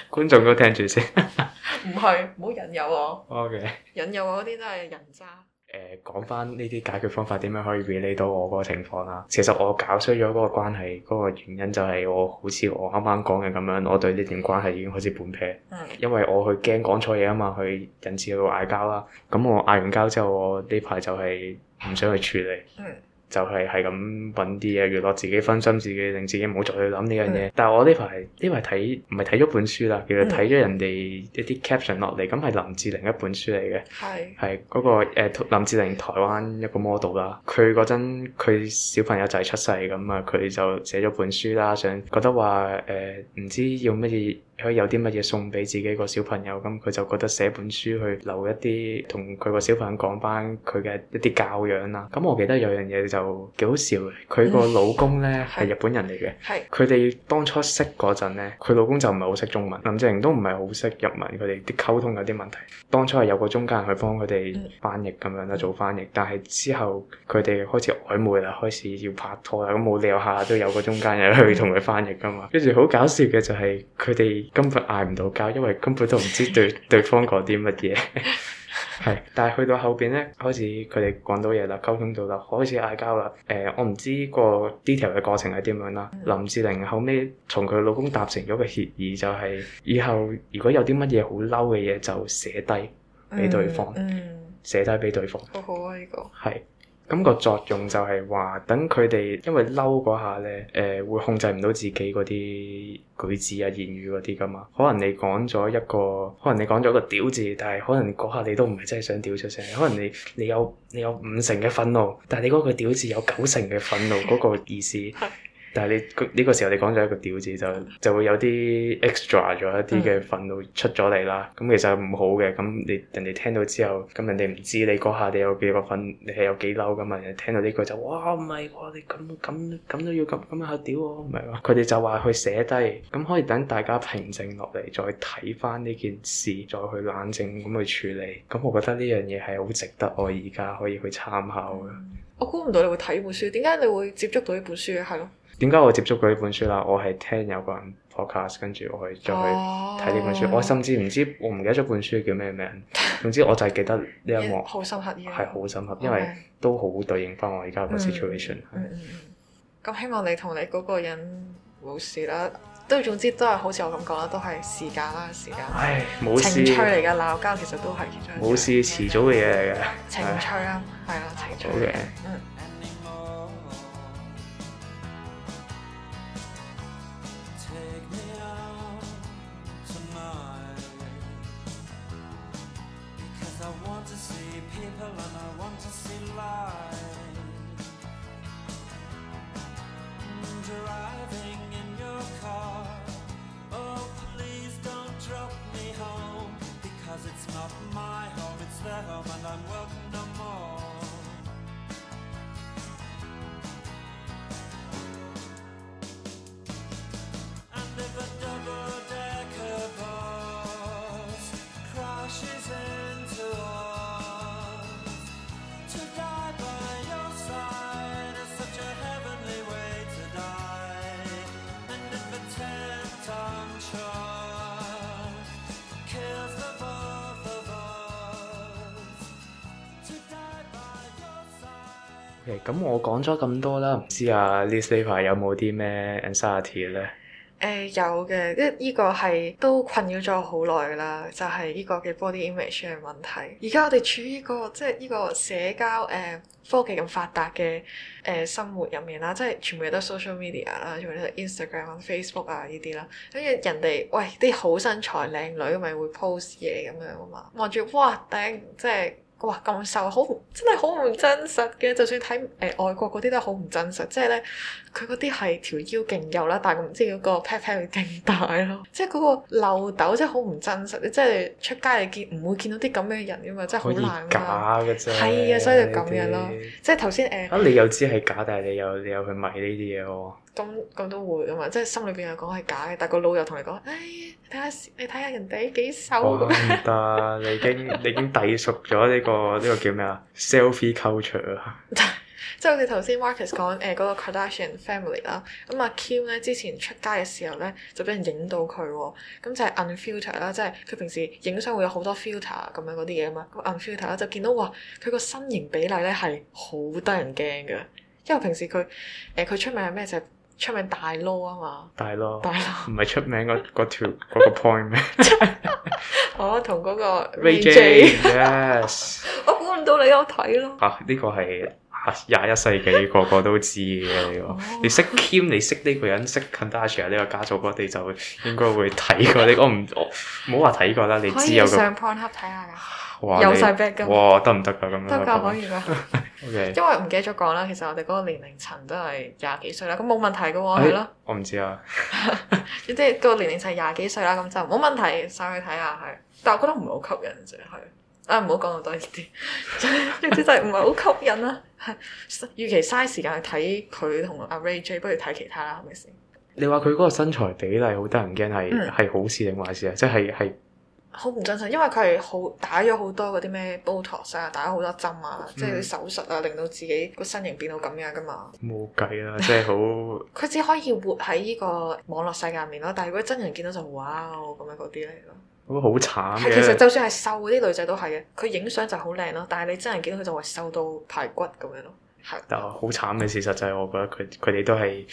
觀眾都聽住先。唔 係，唔好引誘我。OK。引誘我嗰啲都係人渣。誒，講翻呢啲解決方法點樣可以 relate 到我嗰個情況啦？其實我搞衰咗嗰個關係，嗰個原因就係我好似我啱啱講嘅咁樣，我對呢段關係已經開始半撇，因為我去驚講錯嘢啊嘛，去引致去嗌交啦。咁我嗌完交之後，我呢排就係唔想去處理。嗯就係係咁揾啲嘢娛樂自己，分心自己，令自己唔好再去諗呢樣嘢。的但係我呢排呢排睇唔係睇咗本書啦，其實睇咗人哋一啲 caption 落嚟，咁係林志玲一本書嚟嘅，係嗰的、嗰個、呃、林志玲台灣一個 model 啦。佢嗰陣，佢小朋友就係出世咁啊，佢就寫咗本書啦，想覺得話誒唔知要乜嘢。可以有啲乜嘢送俾自己個小朋友咁，佢就覺得寫本書去留一啲同佢個小朋友講翻佢嘅一啲教養啦。咁我記得有樣嘢就幾好笑嘅，佢個老公呢係、嗯、日本人嚟嘅，佢哋當初識嗰陣呢，佢老公就唔係好識中文，林志玲都唔係好識日文，佢哋啲溝通有啲問題。當初係有個中間人去幫佢哋翻譯咁樣啦，嗯、做翻譯。但係之後佢哋開始曖昧啦，開始要拍拖啦，咁冇理由下下都有個中間人去同佢翻譯噶嘛。跟住好搞笑嘅就係佢哋。根本嗌唔到交，因為根本都唔知對 對方講啲乜嘢，係，但係去到後邊咧，開始佢哋講到嘢啦，溝通到啦，開始嗌交啦。誒、呃，我唔知個 detail 嘅過程係點樣啦。嗯、林志玲後尾同佢老公達成咗個協議，就係以後如果有啲乜嘢好嬲嘅嘢，就寫低俾對方，寫低俾對方。好好啊，呢、這個係。咁個作用就係話，等佢哋因為嬲嗰下咧，誒、呃、會控制唔到自己嗰啲舉止啊、言語嗰啲㗎嘛。可能你講咗一個，可能你講咗一個屌字，但係可能嗰下你都唔係真係想屌出聲。可能你你有你有五成嘅憤怒，但係你嗰個屌字有九成嘅憤怒嗰 個意思。 但係你呢個時候你講咗一個屌字就就會有啲 extra 咗一啲嘅憤怒出咗嚟啦，咁、嗯、其實唔好嘅。咁你人哋聽到之後，咁人哋唔知你嗰下你有幾個憤，你係有幾嬲㗎嘛？人聽到呢句話就哇唔係，你咁咁咁都要咁咁嚇屌喎，唔係。佢哋就話去寫低，咁可以等大家平靜落嚟，再睇返呢件事，再去冷靜咁去處理。咁我覺得呢樣嘢係好值得我而家可以去參考嘅。我估唔到你會睇本書，點解你會接觸到呢本書嘅？係咯。點解我接觸過呢本書啦？我係聽有個人 podcast，跟住我去再去睇呢本書。Oh. 我甚至唔知，我唔記得咗本書叫咩名。總之我就係記得呢一幕，好 深刻啲，係好深刻，因為 Okay. 都好對應返我而家個 situation。咁、嗯嗯、希望你同你嗰個人冇事啦。都總之都係好似我咁講啦，都係時間啦，時間。唉，冇事。情趣嚟嘅鬧交其實都係，冇事遲早嘅嘢嚟嘅。情趣啊，係咯唉，情趣。嘅 Okay.、嗯，咁我講咗咁多啦，唔知啊呢排有冇啲咩 anxiety 咧？誒有嘅，即依個係都困擾咗好耐啦，就係、是、依個嘅 body image 嘅問題。而家我哋處於個即依個社交誒、呃、科技咁發達嘅誒生活入面啦，即係全部都係 social media 啦，全部都係 Instagram、Facebook 啊呢啲啦，跟住人哋喂啲好身材靚女咪會 post 嘢咁樣啊嘛，望住哇頂，即係～哇！咁瘦好，真係好唔真實嘅。就算睇誒、呃、外國嗰啲都好唔真實，即係咧佢嗰啲係條腰勁幼啦，但係唔知嗰、嗰個 pat pat 係勁大咯，即係嗰個漏斗真係好唔真實。即係出街你見唔會見到啲咁嘅人㗎嘛，真係好難㗎。假㗎啫。係啊，所以就咁樣咯。即係頭先誒。呃、啊！你又知係假，但係你又你又去買呢啲嘢喎。咁咁都會啊嘛，即係心裏邊又講係假嘅，但係個腦又同你講，哎，睇下你睇下人哋幾瘦啊！唔得，但你已經你已經抵熟咗呢、呢個呢 個叫咩啊？Selfie culture、 欸那個、family，啊！即、啊、係好似頭先 Marcus 講誒嗰個 Kardashian family 啦，咁阿 Kim 咧之前出街嘅時候咧就俾人影到佢喎，咁、啊、就係 unfilter 啦、啊，即係佢平時影相會有好多 filter 咁樣嗰啲嘢啊嘛，咁 unfilter 咧就見到哇，佢個身形比例咧係好得人驚㗎，因為平時佢誒佢出名係咩就係、是。出名大撈啊嘛，大撈老，大撈老，唔係出名個個條嗰、那個 point 咩 我同嗰個 Ray J yes，我估唔到你有睇咯。啊，呢、這個係廿一世紀個個都知嘅呢、這個，oh. 你識 Kim，你識呢個人，識 Kardashian 呢個家族，哥、這、哋、個、就應該會睇過呢。我唔我冇話睇過啦，你知有上 Pornhub 睇下㗎。有晒 back 噶，哇得唔得噶咁？得噶樣，可，可以噶。因為唔記得咗講啦，其實我哋嗰個年齡層都係廿幾歲啦，咁冇問題噶喎，係咯、欸。吧我唔知啊，即 係 個年齡層就廿幾歲啦，咁就冇問題，上去睇下係。但係我覺得唔係好吸引啫，係。啊唔好講咁多啲，呢啲真係唔係好吸引啦。與其嘥時間去睇佢同阿 Ray J，不如睇其他啦，係咪先？你話佢嗰個身材比例好得人驚係係好事定壞事啊？即係係。好唔真實，因為佢係好打咗好多嗰啲咩 Botox 啊，打咗好多針啊，嗯、即係啲手術啊，令到自己個身形變到咁樣噶嘛。冇計啊，即係好。佢 只可以活喺呢個網絡世界面咯，但係如果真人見到就哇咁、哦、樣嗰啲嚟咯，咁好慘嘅。其實就算係瘦嗰啲女仔都係嘅，佢影相就好靚咯，但係你真人見到佢就會瘦到排骨咁樣咯。係，但好慘嘅事實就係我覺得佢佢哋都係。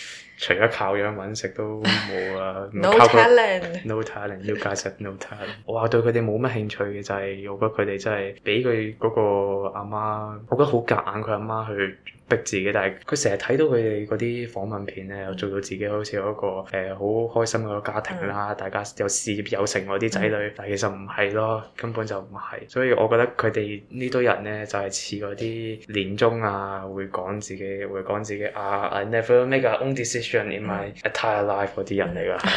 除咗靠樣揾食都冇啊 ，no talent，no talent 我話對佢哋冇乜興趣嘅，就係、是、我覺得佢哋真係俾佢嗰個阿媽，我覺得好夾硬佢阿媽去逼自己，但係佢成日睇到佢哋嗰啲訪問片咧，又做到自己好似嗰個誒好、呃、開心嗰個家庭啦，嗯、大家有事業有成嗰啲仔女，嗯、但係其實唔係咯，根本就唔係。所以我覺得佢哋呢堆人咧就係似嗰啲年終啊，會講自己會講自己，講自己啊，I never make a、decision. in my entire life 啲人嚟噶，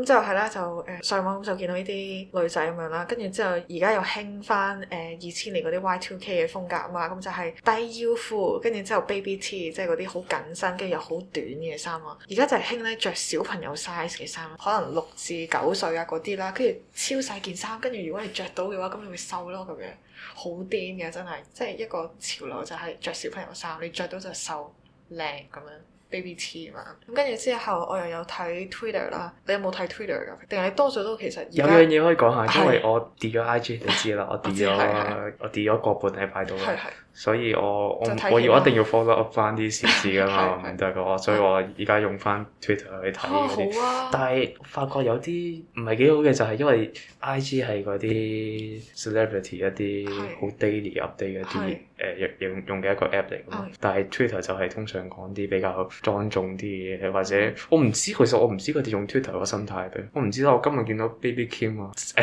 咁之後係就誒、是呃、上網就見到呢啲女仔咁樣啦，跟住之後而家又興翻誒二千年嗰啲 Y2K 嘅風格啊嘛，咁、嗯、就係、是、低腰褲，跟住之後 baby tee 即係嗰啲好緊身，跟住又好短嘅衫啊，而家就係興咧着小朋友 size 嘅衫，可能六至九歲啊嗰啲啦，跟住超細件衫，跟住如果你着到嘅話，咁你會瘦咯咁樣，好癲嘅真係，即係一個潮流就係着小朋友衫，你着到就瘦靚咁樣。B B T 嘛，咁跟住之後，我又有睇 Twitter 啦。你有冇睇 Twitter 㗎？定係多數都其實有樣嘢可以講下，的因為我 delete 咗 I G，你知啦。 我 delete 咗，我 delete 咗個半禮拜到啦。所以我我唔我要一定要 follow up 翻啲事事噶嘛，唔得噶，所以我而家用翻 Twitter 去睇，啲、哦，啊、但係發覺有啲唔係幾好嘅，就係因為 IG 係嗰啲 celebrity 一啲好 daily update 一啲誒的、啊、用用用嘅一個 app 嚟，嘛，的但係 Twitter 就係通常講啲比較莊重啲嘅，嘢，或者我唔知，其實我唔知佢哋用 Twitter 個心態，我唔知啦。我今日見到 Baby Kim 啊，誒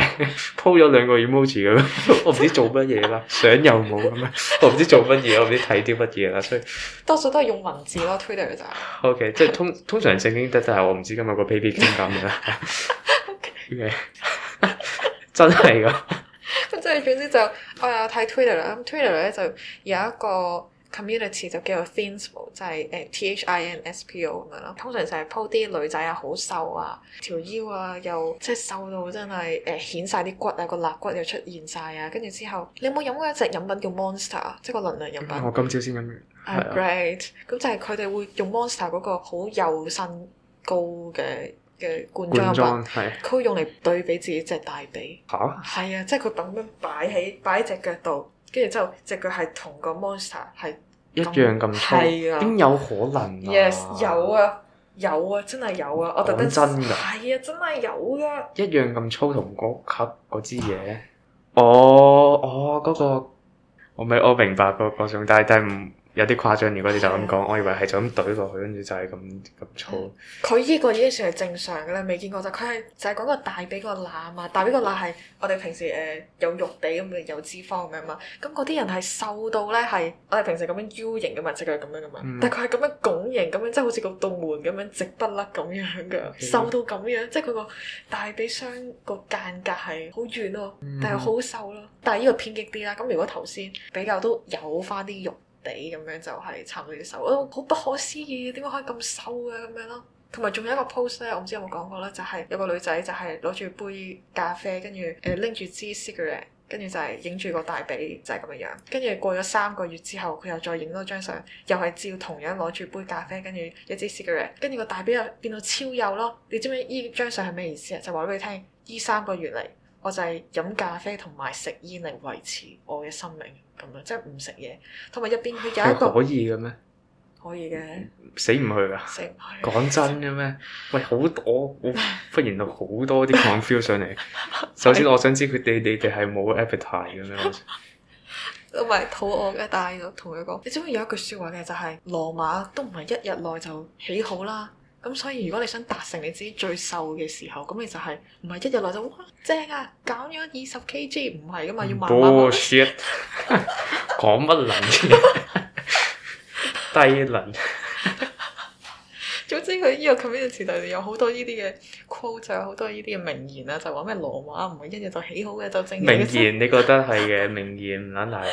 po 咗兩個 emoji 咁樣，我唔知做乜嘢啦，相又冇咁樣。我唔知。 做乜嘢？我唔知睇啲乜嘢啦，所以多數都係用文字咯，Twitter 就。OK，即係通通常正經得，但係我唔知今日個 P P 傾緊咩啦。 o Okay . K， 真係㗎。即係總之就、哎、我有睇 Twitter 啦，Twitter 咧就有一個。Community 就叫做 Thinspo 就係誒 T H I N S P O 咁樣咯。通常就係鋪啲女仔啊，好瘦啊，條腰啊又即係瘦到真係誒顯晒啲骨啊，個肋骨又出現晒啊。跟住之後，你有冇飲過一隻飲品叫 Monster 啊？即係個能量飲品。嗯、我今朝先飲完。'm great，咁、啊、就係佢哋會用 Monster 嗰個好幼身高嘅嘅罐裝飲品，佢會用嚟對比自己隻大髀。吓？係啊，即係佢咁樣擺喺擺隻腳度。跟住之後，隻腳係同個 monster 係一樣咁粗，邊有可能 Yes, 有啊，有啊，真係有啊！我特登真噶，係啊，真係有噶、啊。一樣咁粗同嗰吸嗰支嘢，我我嗰個我咪我明白個個想，但係唔。有啲誇張，如果佢就咁講，的我以為係就咁懟落去，跟住就係咁咁粗。佢呢、嗯、個已經算係正常嘅啦，未見過就佢係就係嗰個大髀個腩啊，大髀個腩係我哋平時誒、呃、有肉地咁嘅有脂肪咁樣嘛。咁嗰啲人係瘦到咧係我哋平時咁樣 U 型嘅紋跡係咁樣嘅嘛，嗯、但佢係咁樣拱形咁樣，樣，、嗯、樣，即係好似個道門咁樣直筆甩咁樣嘅，瘦到咁樣，即係佢個大髀雙個間隔係好遠咯，但係好瘦咯。但係呢個偏激啲啦。咁如果頭先比較都有返啲肉。咁樣就係撐到隻手，我、哦、好不可思議，點解可以咁瘦嘅、啊、咁樣咯？同埋仲有一個 post 咧，我唔知有冇講過啦，就係、是、有個女仔就係攞住杯咖啡，跟住誒拎住支 cigarette，跟住就係影住個大髀，就係、是、咁樣樣。跟住過咗三個月之後，佢又再影多張相，又係照同樣攞住杯咖啡，跟住一支 cigarette，跟住個大髀又變到超幼咯。你知唔知呢張相係咩意思啊？就話俾你聽，呢三個月嚟。我就係飲咖啡同埋食煙嚟維持我嘅生命咁樣，即係唔食嘢，同埋一邊佢有一個可以嘅咩？可以嘅。死唔去啊！死唔去。講真嘅咩？喂，好，我，我，我忽然有好多啲 confusion 上嚟。首先我想知佢哋，地哋係冇 appetite 嘅咩？唔係 肚餓嘅，但係我同佢講， 你知唔知有一句説話嘅就係、是、羅馬都唔係一日內就起好啦。咁、嗯、所以如果你想達成你自己最瘦嘅時候，咁你就係唔係一日內就哇正啊減咗二十 kg？唔係噶嘛，要慢慢慢。講乜撚？ 低能。 總之佢呢個 community 度有好多呢啲嘅 quote，有好多呢啲嘅名言啊，就話咩羅馬唔係一日就起好嘅，就證明。名言你覺得係嘅，名言啦、啊，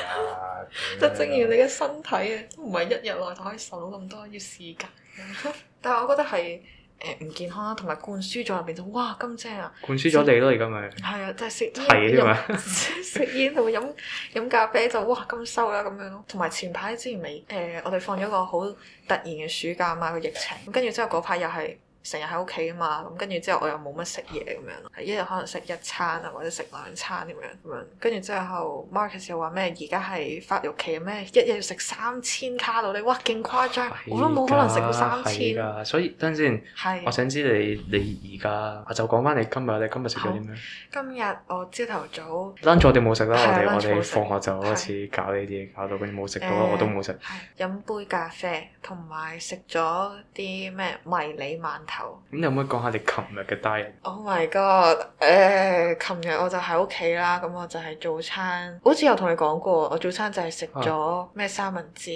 但係。就正如你嘅身體啊，都唔係一日內就可以瘦到咁多，要時間。 但係我覺得係誒唔健康啦，同埋灌輸咗入邊就哇咁正啊！灌輸咗地咯，而家咪係啊，即係食咗飲食煙同飲飲咖啡就哇咁瘦啦、啊、咁樣咯，同埋前排之前未，誒、呃、我哋放咗個好突然嘅暑假嘛，個疫情，跟住之後嗰排又係。成日喺屋企啊嘛，咁跟住之後我又冇乜食嘢咁樣咯，一日可能食一餐啊，或者食兩餐咁樣咁樣，跟住之後 Marcus 又話咩？而家係發育期咩？一日要食三千卡路里，哇！勁誇張，我都冇可能食到三千。所以等陣先，我想知你你而家就講翻你今日你今日食咗啲咩？今日我朝頭早 lunch 我哋冇食啦，我哋我哋放學就開始搞呢啲嘢，搞到佢冇食到，我都冇食。飲杯咖啡同埋食咗啲咩迷你饅頭。咁有冇得講下你琴日嘅 diet？Oh my god！誒、呃，琴日我就喺屋企啦，咁我就係早餐，好似有同你講過，我早餐就係食咗咩三文治，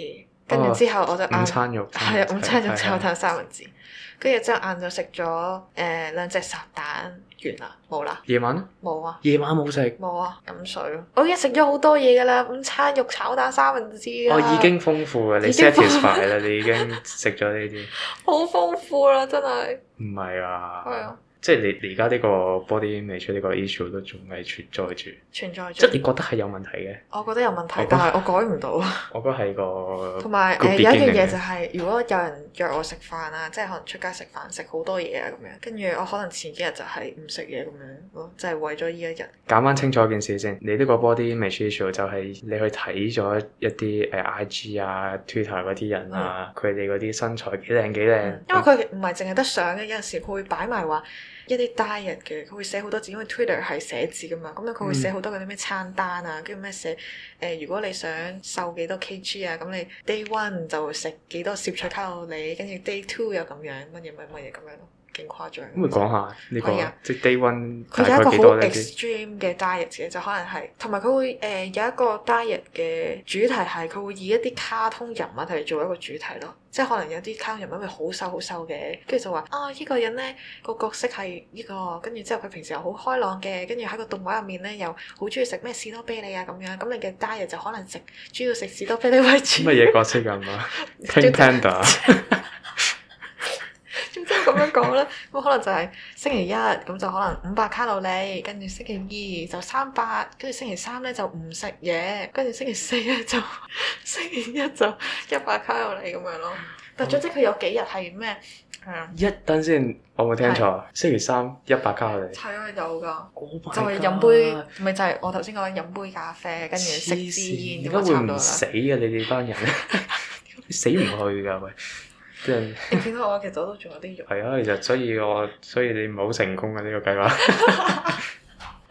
跟住之後我就午餐肉，係午餐肉炒蛋三文治，跟住之後晏晝就食咗誒兩隻烚蛋。完啦，冇啦。夜晚咧？冇啊。夜晚冇食，冇啊。飲水，我已經食咗好多嘢噶啦。午餐肉炒蛋三文治我、哦、已經豐富啦。你 satisfied 啦， 你已經食咗呢啲。好豐富啦，真係。唔係啊。係啊。即係你而家呢個 body image 呢個 issue 都仲係存在住，存在即係你覺得係有問題嘅。我覺得有問題，但係我改唔到。我覺得係個同埋有一樣嘢就係、是，如果有人約我食飯啊，即係可能出街食飯食好多嘢啊咁樣，跟住我可能前幾日就係唔食嘢咁樣，就係、是、為咗呢一日。講翻清楚件事先，你呢個 body image issue 就係你去睇咗一啲誒 IG 啊、Twitter 嗰啲人啊，佢哋嗰啲身材幾靚幾靚。嗯、因為佢唔係淨係得相嘅，有陣時佢會擺埋話。一啲 diet 嘅，佢會寫好多字，因為 Twitter 係寫字噶嘛，咁咧佢會寫好多嗰啲咩餐單啊，跟住咩寫誒、呃，如果你想瘦幾多 kg 啊，咁你 day one 就食幾多攝取卡路里，跟住 day two 又咁樣，乜嘢乜乜嘢咁樣咯。勁誇張，咁咪講下呢個即 day one 佢有一個好 extreme 嘅 diet 嘅，就可能係同埋佢會誒有一個 diet 嘅主題係佢會以一啲卡通人物嚟做一個主題咯，即係可能有啲卡通人物會好瘦好瘦嘅，跟住就話啊呢個人咧個角色係呢個，跟住之後佢平時又好開朗嘅，跟住喺個動畫入面咧又好中意食咩士多啤梨啊咁樣，咁你嘅 diet 就可能食主要食士多啤梨為主。乜嘢角色咁啊？Panda 咁即係咁樣講啦，咁可能就係星期一咁就可能五百卡路里，跟住星期二就三百，跟住星期三咧就唔食嘢，跟住星期四咧就星期一就一百卡路里咁樣咯。但總之佢有幾日係咩？ 嗯、一等先，我冇聽錯？是星期三一百卡路里。係啊，有噶，我飲、oh、杯，咪就係、是、我頭先講飲杯咖啡，跟住食支煙，點解會唔死啊？ 你哋班人 死唔去㗎喂！你見到我其實我都做咗啲肉。係啊，其實所以我所以你唔係好成功啊呢、呢個計劃。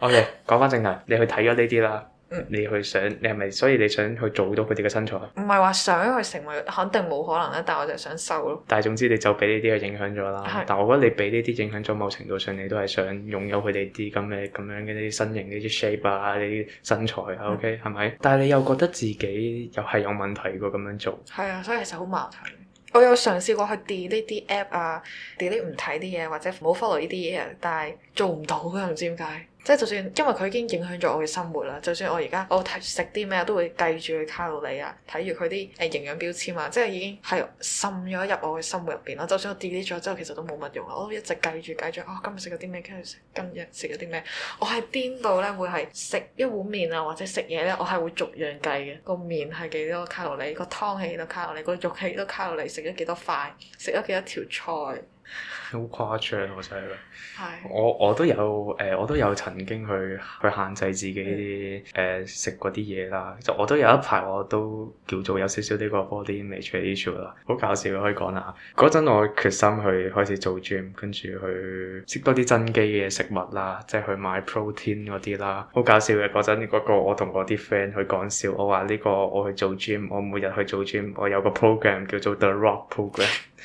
o、okay, K. 講翻正題，你去睇咗呢啲啦。嗯、你去想，你係咪所以你想去做到佢哋嘅身材？唔係話想去成為，肯定冇可能啦。但係我就想瘦咯。但係總之你就俾呢啲係影響咗啦。是但係我覺得你俾呢啲影響咗，某程度上你都係想擁有佢哋啲咁嘅咁樣嗰啲身形、呢啲 shape 啊、呢啲身材 O K. 係咪？但係你又覺得自己又係有問題㗎咁樣做。係啊、嗯，所以其實好矛盾。我有嘗試過去 delete 啲 app 啊，delete 唔睇啲嘢或者冇 follow 呢啲嘢啊，但係做唔到㗎，唔知點解。即係就算，因為佢已經影響咗我嘅生活啦。就算我而家我睇食啲咩都會計住佢卡路里啊，睇住佢啲誒營養標籤啊。即係已經係滲咗入我嘅生活入邊啦。就算我 delete 咗之後，其實都冇乜用啦。我都一直計住計住哦，今日食咗啲咩？今日食今日食咗啲咩？我喺邊度咧會係食一碗麵啊，或者食嘢咧，我係會逐樣計嘅。個麵係幾多卡路里？個湯係幾多卡路里？個肉係幾多卡路里？食咗幾多塊？食咗幾多條菜？好誇張啊！真係，我的我，我都有誒、呃，我都有曾經去去限制自己誒食嗰啲嘢啦。就我都有一排，我都叫做有少少呢個 body image issue 啦。好搞笑可以講啦。嗰陣我決心去開始做 gym，跟住去食多啲增肌嘅食物啦，即係去買 protein 嗰啲啦。好搞笑嘅，嗰陣，嗰個我同我啲 friend 去講笑，我話呢個我去做 gym，我每日去做 gym，我有個 program 叫做 The Rock Program。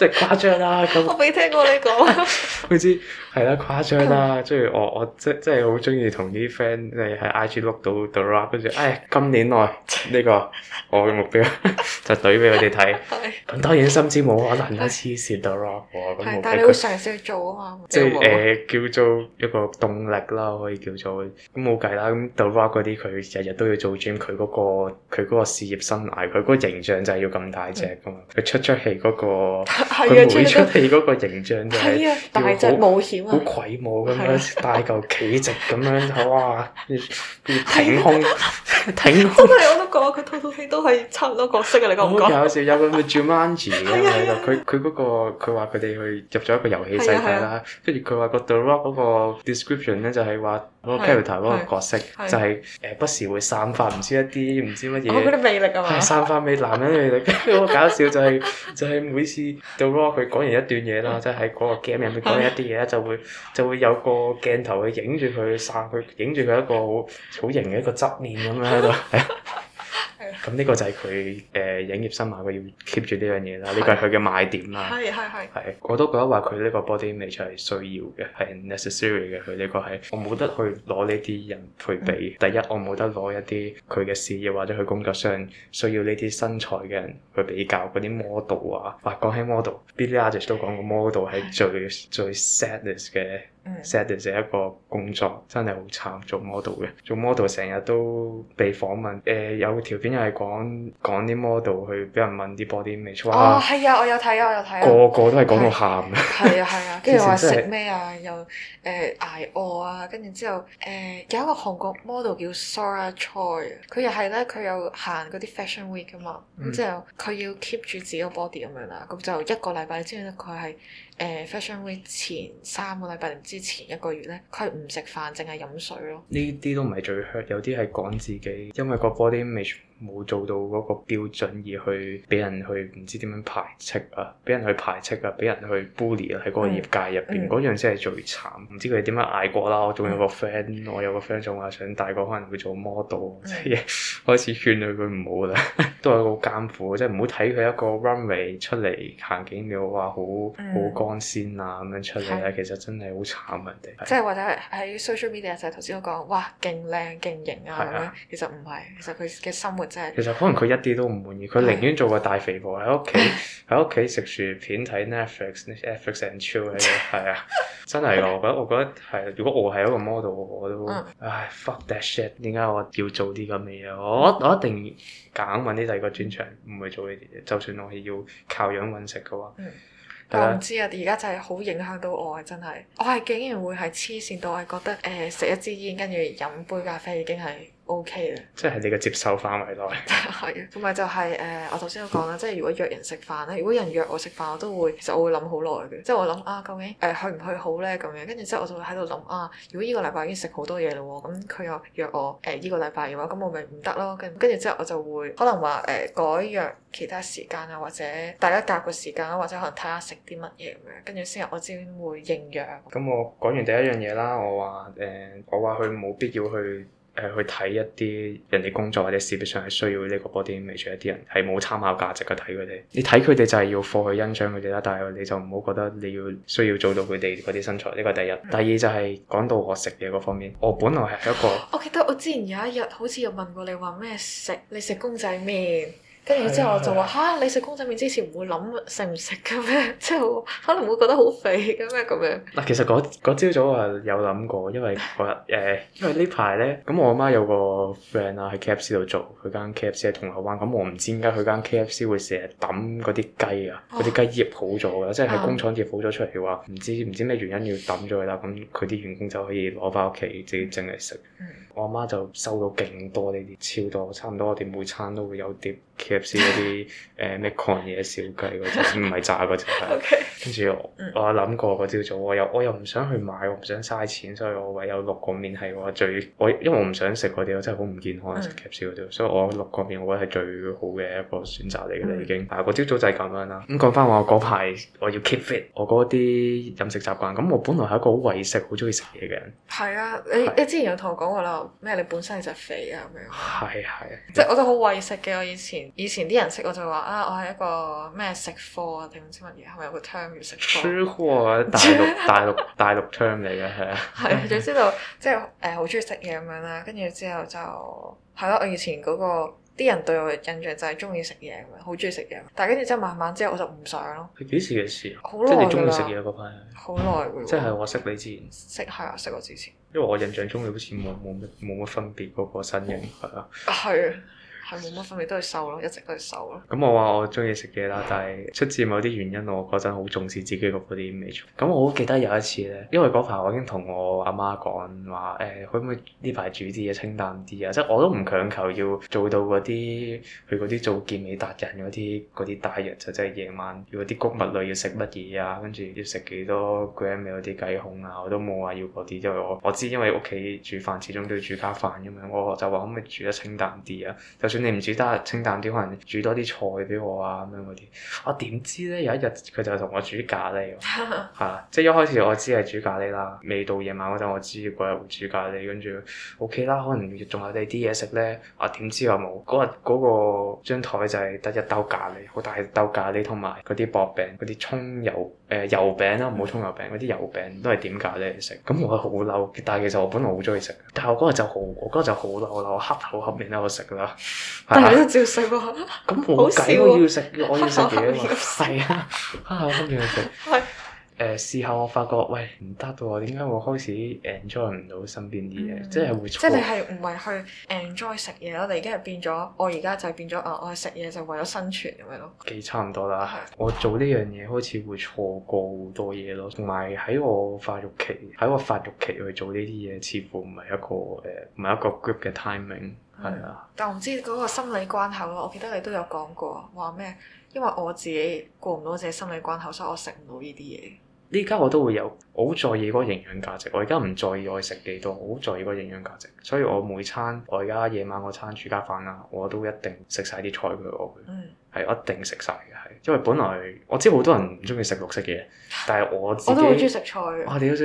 即係誇張啦、啊！咁我未聽過你講、 啊。佢知，係啦，誇張啦、啊！即住、嗯、我我即即係好中意同啲 friend 喺喺 IG 碌到 Dora 跟住唉，今年內呢、呢個我嘅目標 就懟俾佢哋睇。咁 的當然深知冇可能啦，黐線 Dora 咁 a 係，但係你會嘗試去做啊嘛。即係誒，叫做一個動力啦，可以叫做咁冇計啦。咁 Dora 嗰啲佢日日都要做 gym，佢嗰個佢嗰個事業生涯，佢嗰個形象就係要咁大隻噶嘛，佢出、嗯、出氣嗰、嗰個。 佢每出戲嗰個形象就係，大隻冒險，好鬼模咁樣，大嚿企、啊、的直咁樣，哇！要，要挺胸， 是的 挺胸空。我都覺得佢套套戲都係差唔多角色嘅，你覺唔覺？有時有個叫 Jumanji 咁樣嘅，佢佢嗰個佢話佢哋去入咗一個遊戲世界啦，跟住佢話個 dialog 個 description 咧就係話。嗰個 p a r i o d 嗰個角色就係誒不時會散發唔知一啲唔知乜嘢、哦， 散發美男人嘅魅力。 好搞笑就係、是、就係、是、每次到咗佢講完一段嘢啦，即係喺嗰個 game 入面講完一啲嘢、嗯、就會就會有個鏡頭去影住佢散佢影住佢一個好型嘅一個側面咁樣喺度。嗯 咁呢、嗯、個就係佢誒影業生涯佢要 keep 住呢樣嘢啦，呢 個係佢嘅賣點啦。係係係。係， 我都覺得話佢呢個 body image 係需要嘅，係 necessary 嘅。佢呢個係我冇得去攞呢啲人去比。 第一，我冇得攞一啲佢嘅事業或者佢工作上需要呢啲身材嘅人去比較嗰啲 model 啊。話、啊、講起 model，Billie Eilish, 都講過 model 係最 最 sadness 嘅。sadness 係、嗯、一個工作，真係好慘。做 model 嘅，做 model 成日都被訪問。誒、呃、有條片又係講講啲 model 去俾人問啲 body image 啊？係啊、哦，我有睇啊，我有睇。個個都係講到喊嘅。係啊係啊，跟住話食咩啊？又誒挨、呃、餓啊？跟住之後誒、呃、有一個韓國 model 叫 Sora Choi，佢又係咧，佢有行嗰啲 fashion week 啊嘛。之、嗯、後佢要 keep 住自己個 body 咁樣啦，咁就一個禮拜之後咧，佢係。誒、uh, fashion week 前三個禮拜定之前一個月咧，佢唔食飯，淨係飲水咯。呢啲都唔係最 h u r t 有啲係講自己因為個 body image。冇做到嗰個標準，而去俾人去唔知點樣排斥啊，俾人去排斥啊，俾人去 bully 啊，喺嗰個業界入邊嗰樣先係最慘，唔知佢哋點樣捱過啦。我仲有個 friend，、嗯、我有個 friend 仲話想大個可能會做 model，即係、嗯、開始勸佢佢唔好啦， 都係好艱苦。即係唔好睇佢一個 runway 出嚟行幾秒話好好光鮮啊咁樣出嚟咧，其實真係好慘人哋。即係或者喺 social media 就係頭先都講，哇勁靚勁型啊咁樣，其實唔係，其實佢嘅生活。其實可能佢一啲都唔滿意，佢寧願做個大肥婆喺屋企喺屋企食薯片睇 Netflix、Netflix, Netflix and chill 係啊， 真係噶，我覺得我覺得係。如果我係一個 model，我都、嗯、唉 fuck that shit，點解我要做啲咁嘅嘢？我我一定揀揾啲第二個專長，唔會做呢啲嘢。就算我係要靠樣揾食嘅話，嗯、的但係我唔知啊，而家就係好影響到我啊！真係，我係竟然會係黐線到，我係覺得誒食、呃、一支煙跟住飲杯咖啡已經係。O K 啦，即係你嘅接受範圍內，係，同埋就係誒，我頭先都講啦，即係如果約人食飯咧，如果人約我食飯，我都會，其實我會諗好耐嘅，即係我諗啊，究竟誒、呃、去唔去好咧咁樣，跟住之後我就會喺度諗啊，如果呢個禮拜已經食好多嘢嘞喎，咁、嗯、佢又約我誒依、呃呢個禮拜嘅話，咁我咪唔得咯，跟住之後我就會可能話誒、呃、改約其他時間啊，或者大家夾個時間啊，或者可能睇下食啲乜嘢咁樣，跟住先我先會應約。咁我講完第一樣嘢啦，我話誒、呃，我話佢冇必要去。誒、呃、去睇一啲人哋工作或者事業上係需要呢個 body image，一啲人係冇參考價值嘅，睇佢哋，你睇佢哋就係要課去欣賞佢哋啦，但係你就唔好覺得你要需要做到佢哋嗰啲身材呢、呢個第一，嗯、第二就係講到我食嘢嗰方面，我本來係一個，我記得我之前有一日好似又問過你話咩食，你食公仔麪。跟住之後我就話嚇、啊，你食公仔麪之前唔會諗食唔食嘅咩？吃吃 即係可能會覺得好肥咁咩？咁樣。嗱，其實嗰朝早我有諗過，因為嗰日誒、呃，因為呢排咧，咁我阿媽有個 friend 啊喺 K F C 度做，佢間 K F C 喺銅鑼灣。咁我唔知點解佢間 K F C 會成日抌嗰啲雞啊，嗰啲雞醃好咗嘅，即係喺工廠醃好咗出嚟話，唔、嗯、知唔知咩原因要抌咗佢啦。咁佢啲員工就可以攞翻屋企自己整嚟食。嗯、我阿媽就收到勁多呢啲，超多，差唔多我哋每餐都會有碟。KFC 嗰啲誒咩狂野小雞嗰隻，唔係炸嗰隻，跟住我諗過嗰朝早，我又我又唔想去買，我唔想嘥錢，所以我唯有落個麵係我最我，因為我唔想食嗰啲我真係好唔健康食 KFC 嗰啲，所以我落個麵我覺得係最好嘅一個選擇嚟嘅啦，已經。但係嗰朝早就係咁樣啦。咁講翻話我嗰排我要 keep fit，我嗰啲飲食習慣，咁我本來係一個好為食、好中意食嘢嘅人。係啊，你你之前有同我講過啦，咩你本身係隻肥啊咁樣。係係，即係我都好為食嘅，我以前。以前啲人識我就話啊，我係一個咩食貨定唔知乜嘢，係咪有個 term 叫食貨 t r 大陸 大陸大陸 term 嚟嘅係。係，總之 就即係誒，好中意食嘢咁樣啦。跟、呃、住之後就係咯，我以前嗰、那個啲人對我嘅印象就係中意食嘢，咁好中意食嘢。但係跟住之後慢慢之後我就唔想咯。係幾時嘅事？好耐即係你中意食嘢嗰排。好耐㗎。即係我識你之前。識係啊，識我之前。因為我印象中你好似冇冇乜冇乜分別嗰個身形。係啊。係啊的。係冇乜分別，都係瘦咯，一直都係瘦咯。咁、嗯、我話我中意食嘢啦，但係出自某啲原因，我嗰陣好重視自己嗰啲美容。咁我好記得有一次咧，因為嗰排我已經同我阿媽講話，誒、哎、可唔可以呢排煮啲嘢清淡啲啊？即係我都唔強求要做到嗰啲，去嗰啲做健美達人嗰啲嗰啲大約就即係夜晚要啲谷物類要食乜嘢啊，跟住要食幾多 gram 嗰啲雞胸啊，我都冇話要嗰啲，因為我我知因為屋企煮飯始終都要煮家飯咁樣，我就話可唔可以煮得清淡啲啊？就算。你唔煮得清淡啲，可能煮多啲菜俾我啊咁樣嗰啲。我點知咧？有一日佢就同我煮咖喱、啊，係啦、 啊。即係一開始我知係煮咖喱啦。未到夜晚嗰陣，我知嗰日會煮咖喱。跟住 O K 啦，可能仲有第二啲嘢食咧。啊點知又冇？嗰日嗰個張台就係得一兜咖喱，好大兜咖喱，同埋嗰啲薄餅、嗰啲葱油誒、呃、油餅啦，唔好葱油餅，嗰啲油餅都係點咖喱嚟食。咁我係好嬲，但係其實我本來好中意食。但係我嗰日就好，我嗰日就好嬲，我黑頭黑面喺度食啦。對但係都照要食，咁冇計，我要食，我要食嘢啊嘛。係 不啊，啊我跟住去食。係 是。誒事後我發覺，喂唔得喎，點解、啊、我開始 enjoy 唔到身邊啲嘢，嗯、即係會錯。即係你係唔係去 enjoy 食嘢 咯？你而家變咗，我而家就係變咗啊！我食嘢就為咗生存咁樣咯。幾差唔多啦。我做呢樣嘢開始會錯過好多嘢咯，同埋喺我發育期，喺我發育期去做呢啲嘢，似乎唔係一個誒，唔係一個 group 嘅 timing。係啊、嗯，但唔知嗰個心理關口咯。我記得你都有講過話咩？因為我自己過唔到自己心理關口，所以我食唔到呢啲嘢。呢家我都會有，好在意嗰個營養價值。我而家唔在意我食幾多，好在意嗰個營養價值。所以我每餐我而家夜晚嗰餐住家飯啊，我都一定食晒啲菜畀佢我會，係、嗯、一定食晒嘅，係因為本來我知好多人唔中意食綠色嘅嘢。但係我自己、啊、菜，我哋都好中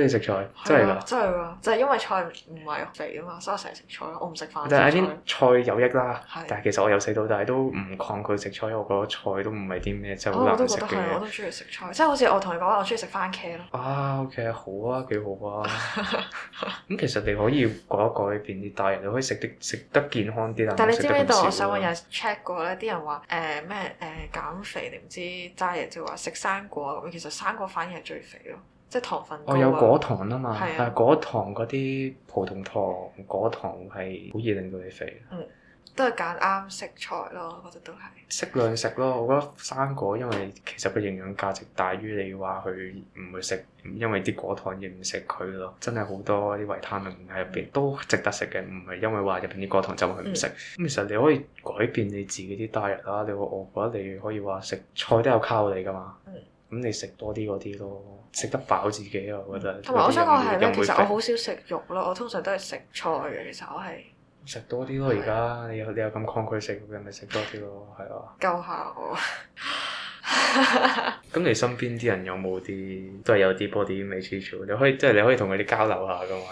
意食菜，真係㗎，真係㗎，就係、是、因為菜唔係肥啊嘛，所以我成日食菜我唔食飯食啲菜，菜有益啦，是但係其實我由細到大都唔抗拒食菜，我覺得菜都唔係啲咩就好難食、哦、我都覺得係，我都中意食菜，即係好似我同你講，我中意食番茄咯。啊，OK，好啊，幾好啊。咁、 嗯、其實你可以改一改變啲，大人你可以食啲食得健康啲，但你知唔、呃呃呃、知道？我上個日 check 過咧，啲人話誒咩誒減肥你唔知齋嘢即話食生果咁，其實生果，反而係最肥咯，即係糖分。哦，有果糖啊嘛，但啊，果糖嗰啲葡萄糖、果糖係好易令到你肥，嗯。都係揀啱食材咯，我覺得都係。適量食咯，我覺得生果因為其實嘅營養價值大於你話佢唔去食，因為啲果糖而唔食佢咯。真係好多啲維他命喺入邊，都值得食嘅，唔係因為話入邊啲果糖就唔食。咁、嗯、其實你可以改變你自己啲 diet 啊，你我覺得你可以話食菜都有卡路里㗎嘛。嗯咁、嗯、你食多啲嗰啲咯，食得飽自己啊！我覺得。同埋、嗯、我想講係咩？米其實我好少食肉咯，我通常都係食菜嘅。其實我係食多啲咯，而家的你有你又咁抗拒食肉嘅？咪食多啲咯，係啊。夠下我。 咁 你身邊啲人有冇啲都係有啲 body image？你可以即係、就是、你可以同佢哋交流下噶嘛？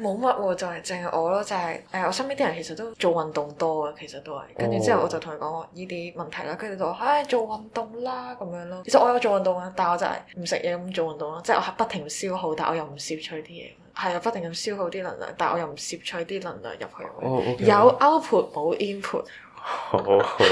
冇乜喎，就係淨係我咯，就係、是、誒、呃、我身邊啲人其實都做運動多嘅，其實都係。跟住之後我就同佢講我呢啲問題、哎、啦，佢哋就話唉做運動啦咁樣咯。其實我有做運動啊，但係我就係唔食嘢咁做運動咯，即係我係不停消耗，但係我又唔攝取啲嘢，係又不停咁消耗啲能量，但係我又唔攝取啲能量入去。哦 okay. 有 output 冇 input。好好。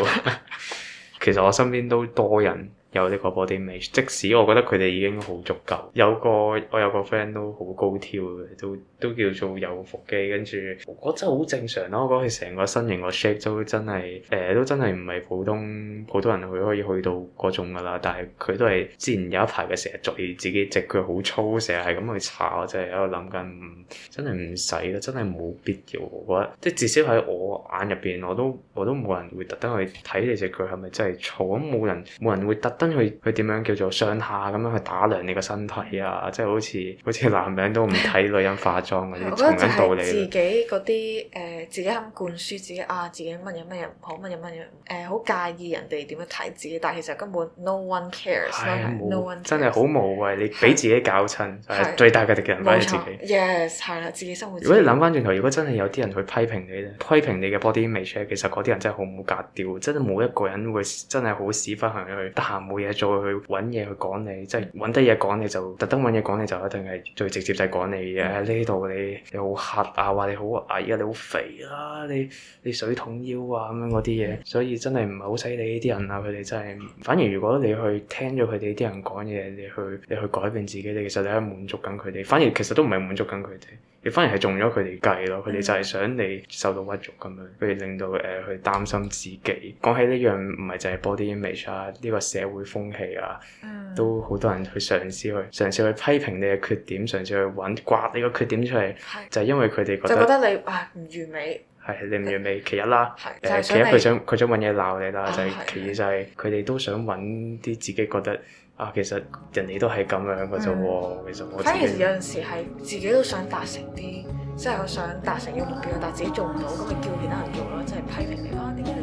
其實，我身邊都多人，有呢個 body image，即使我覺得佢哋已經好足夠。有個我有個 friend 都好高挑嘅，都都叫做有腹肌，跟住我覺得真係好正常咯。我覺得佢成個身形個 shape 都真係，誒、呃、都真係唔係普通普通人去可以去到嗰種噶啦。但係佢都係之前有一排嘅時候，佢成日做自己隻腳好粗，成日係咁去查，我真係喺度諗緊，真係唔使咯，真係冇必要。我覺得即係至少喺我眼入邊，我都我都冇人會特登去睇你隻腳係咪真係粗，咁冇人冇人會特。等佢佢點樣叫做上下咁樣去打量你個身體啊！即係好似好似男人都唔睇女人化妝嗰啲，同樣道理自、呃。自己嗰啲誒，自己肯灌輸自己啊，自己乜嘢乜嘢唔好，乜嘢乜嘢誒，好、呃、介意人哋點樣睇自己，但係其實根本 no one cares、哎、是 no one cares，真係好無謂，你俾自己搞親，係最大嘅敵人都係自己。Yes 係啦，自己生活。如果你諗翻轉頭，如果真係有啲人去批評你咧，批評你嘅 body image，其實嗰啲人真係好冇格調，真係冇一個人會真係好屎忽行去得冇嘢做去揾嘢去講你，即係揾得嘢講你，就特登揾嘢講你，就一定係最直接就係講你嘅呢度，你你好黑啊，話你好矮啊，你好肥啊，你你水桶腰啊，咁樣嗰啲嘢，所以真係唔係好犀利呢啲人啊，佢哋真係。反而如果你去聽咗佢哋啲人講嘢，你去你去改變自己，你其實你喺度滿足緊佢哋，反而其實都唔係滿足緊佢哋。你反而係中咗佢哋計咯，佢哋就係想你受到屈辱咁樣，不如令到誒佢、呃、擔心自己。講起呢樣唔係就係 body image 啊，呢、這個社會風氣啊，嗯、都好多人去嘗試去嘗試去批評你嘅缺點，嘗試去揾刮你個缺點出嚟，是就係因為佢哋覺得就覺得你唔完美，係你唔完美其一啦，其一，佢想佢想揾嘢鬧你啦，啊、就係其二就係佢哋都想揾啲自己覺得。啊，其實人哋都係咁樣嘅啫、嗯、其實我睇其實有陣時係自己都想達成啲，即係我想達成一個目標，但係自己做唔到做，咁咪叫其他人做咯，即係批評你翻你。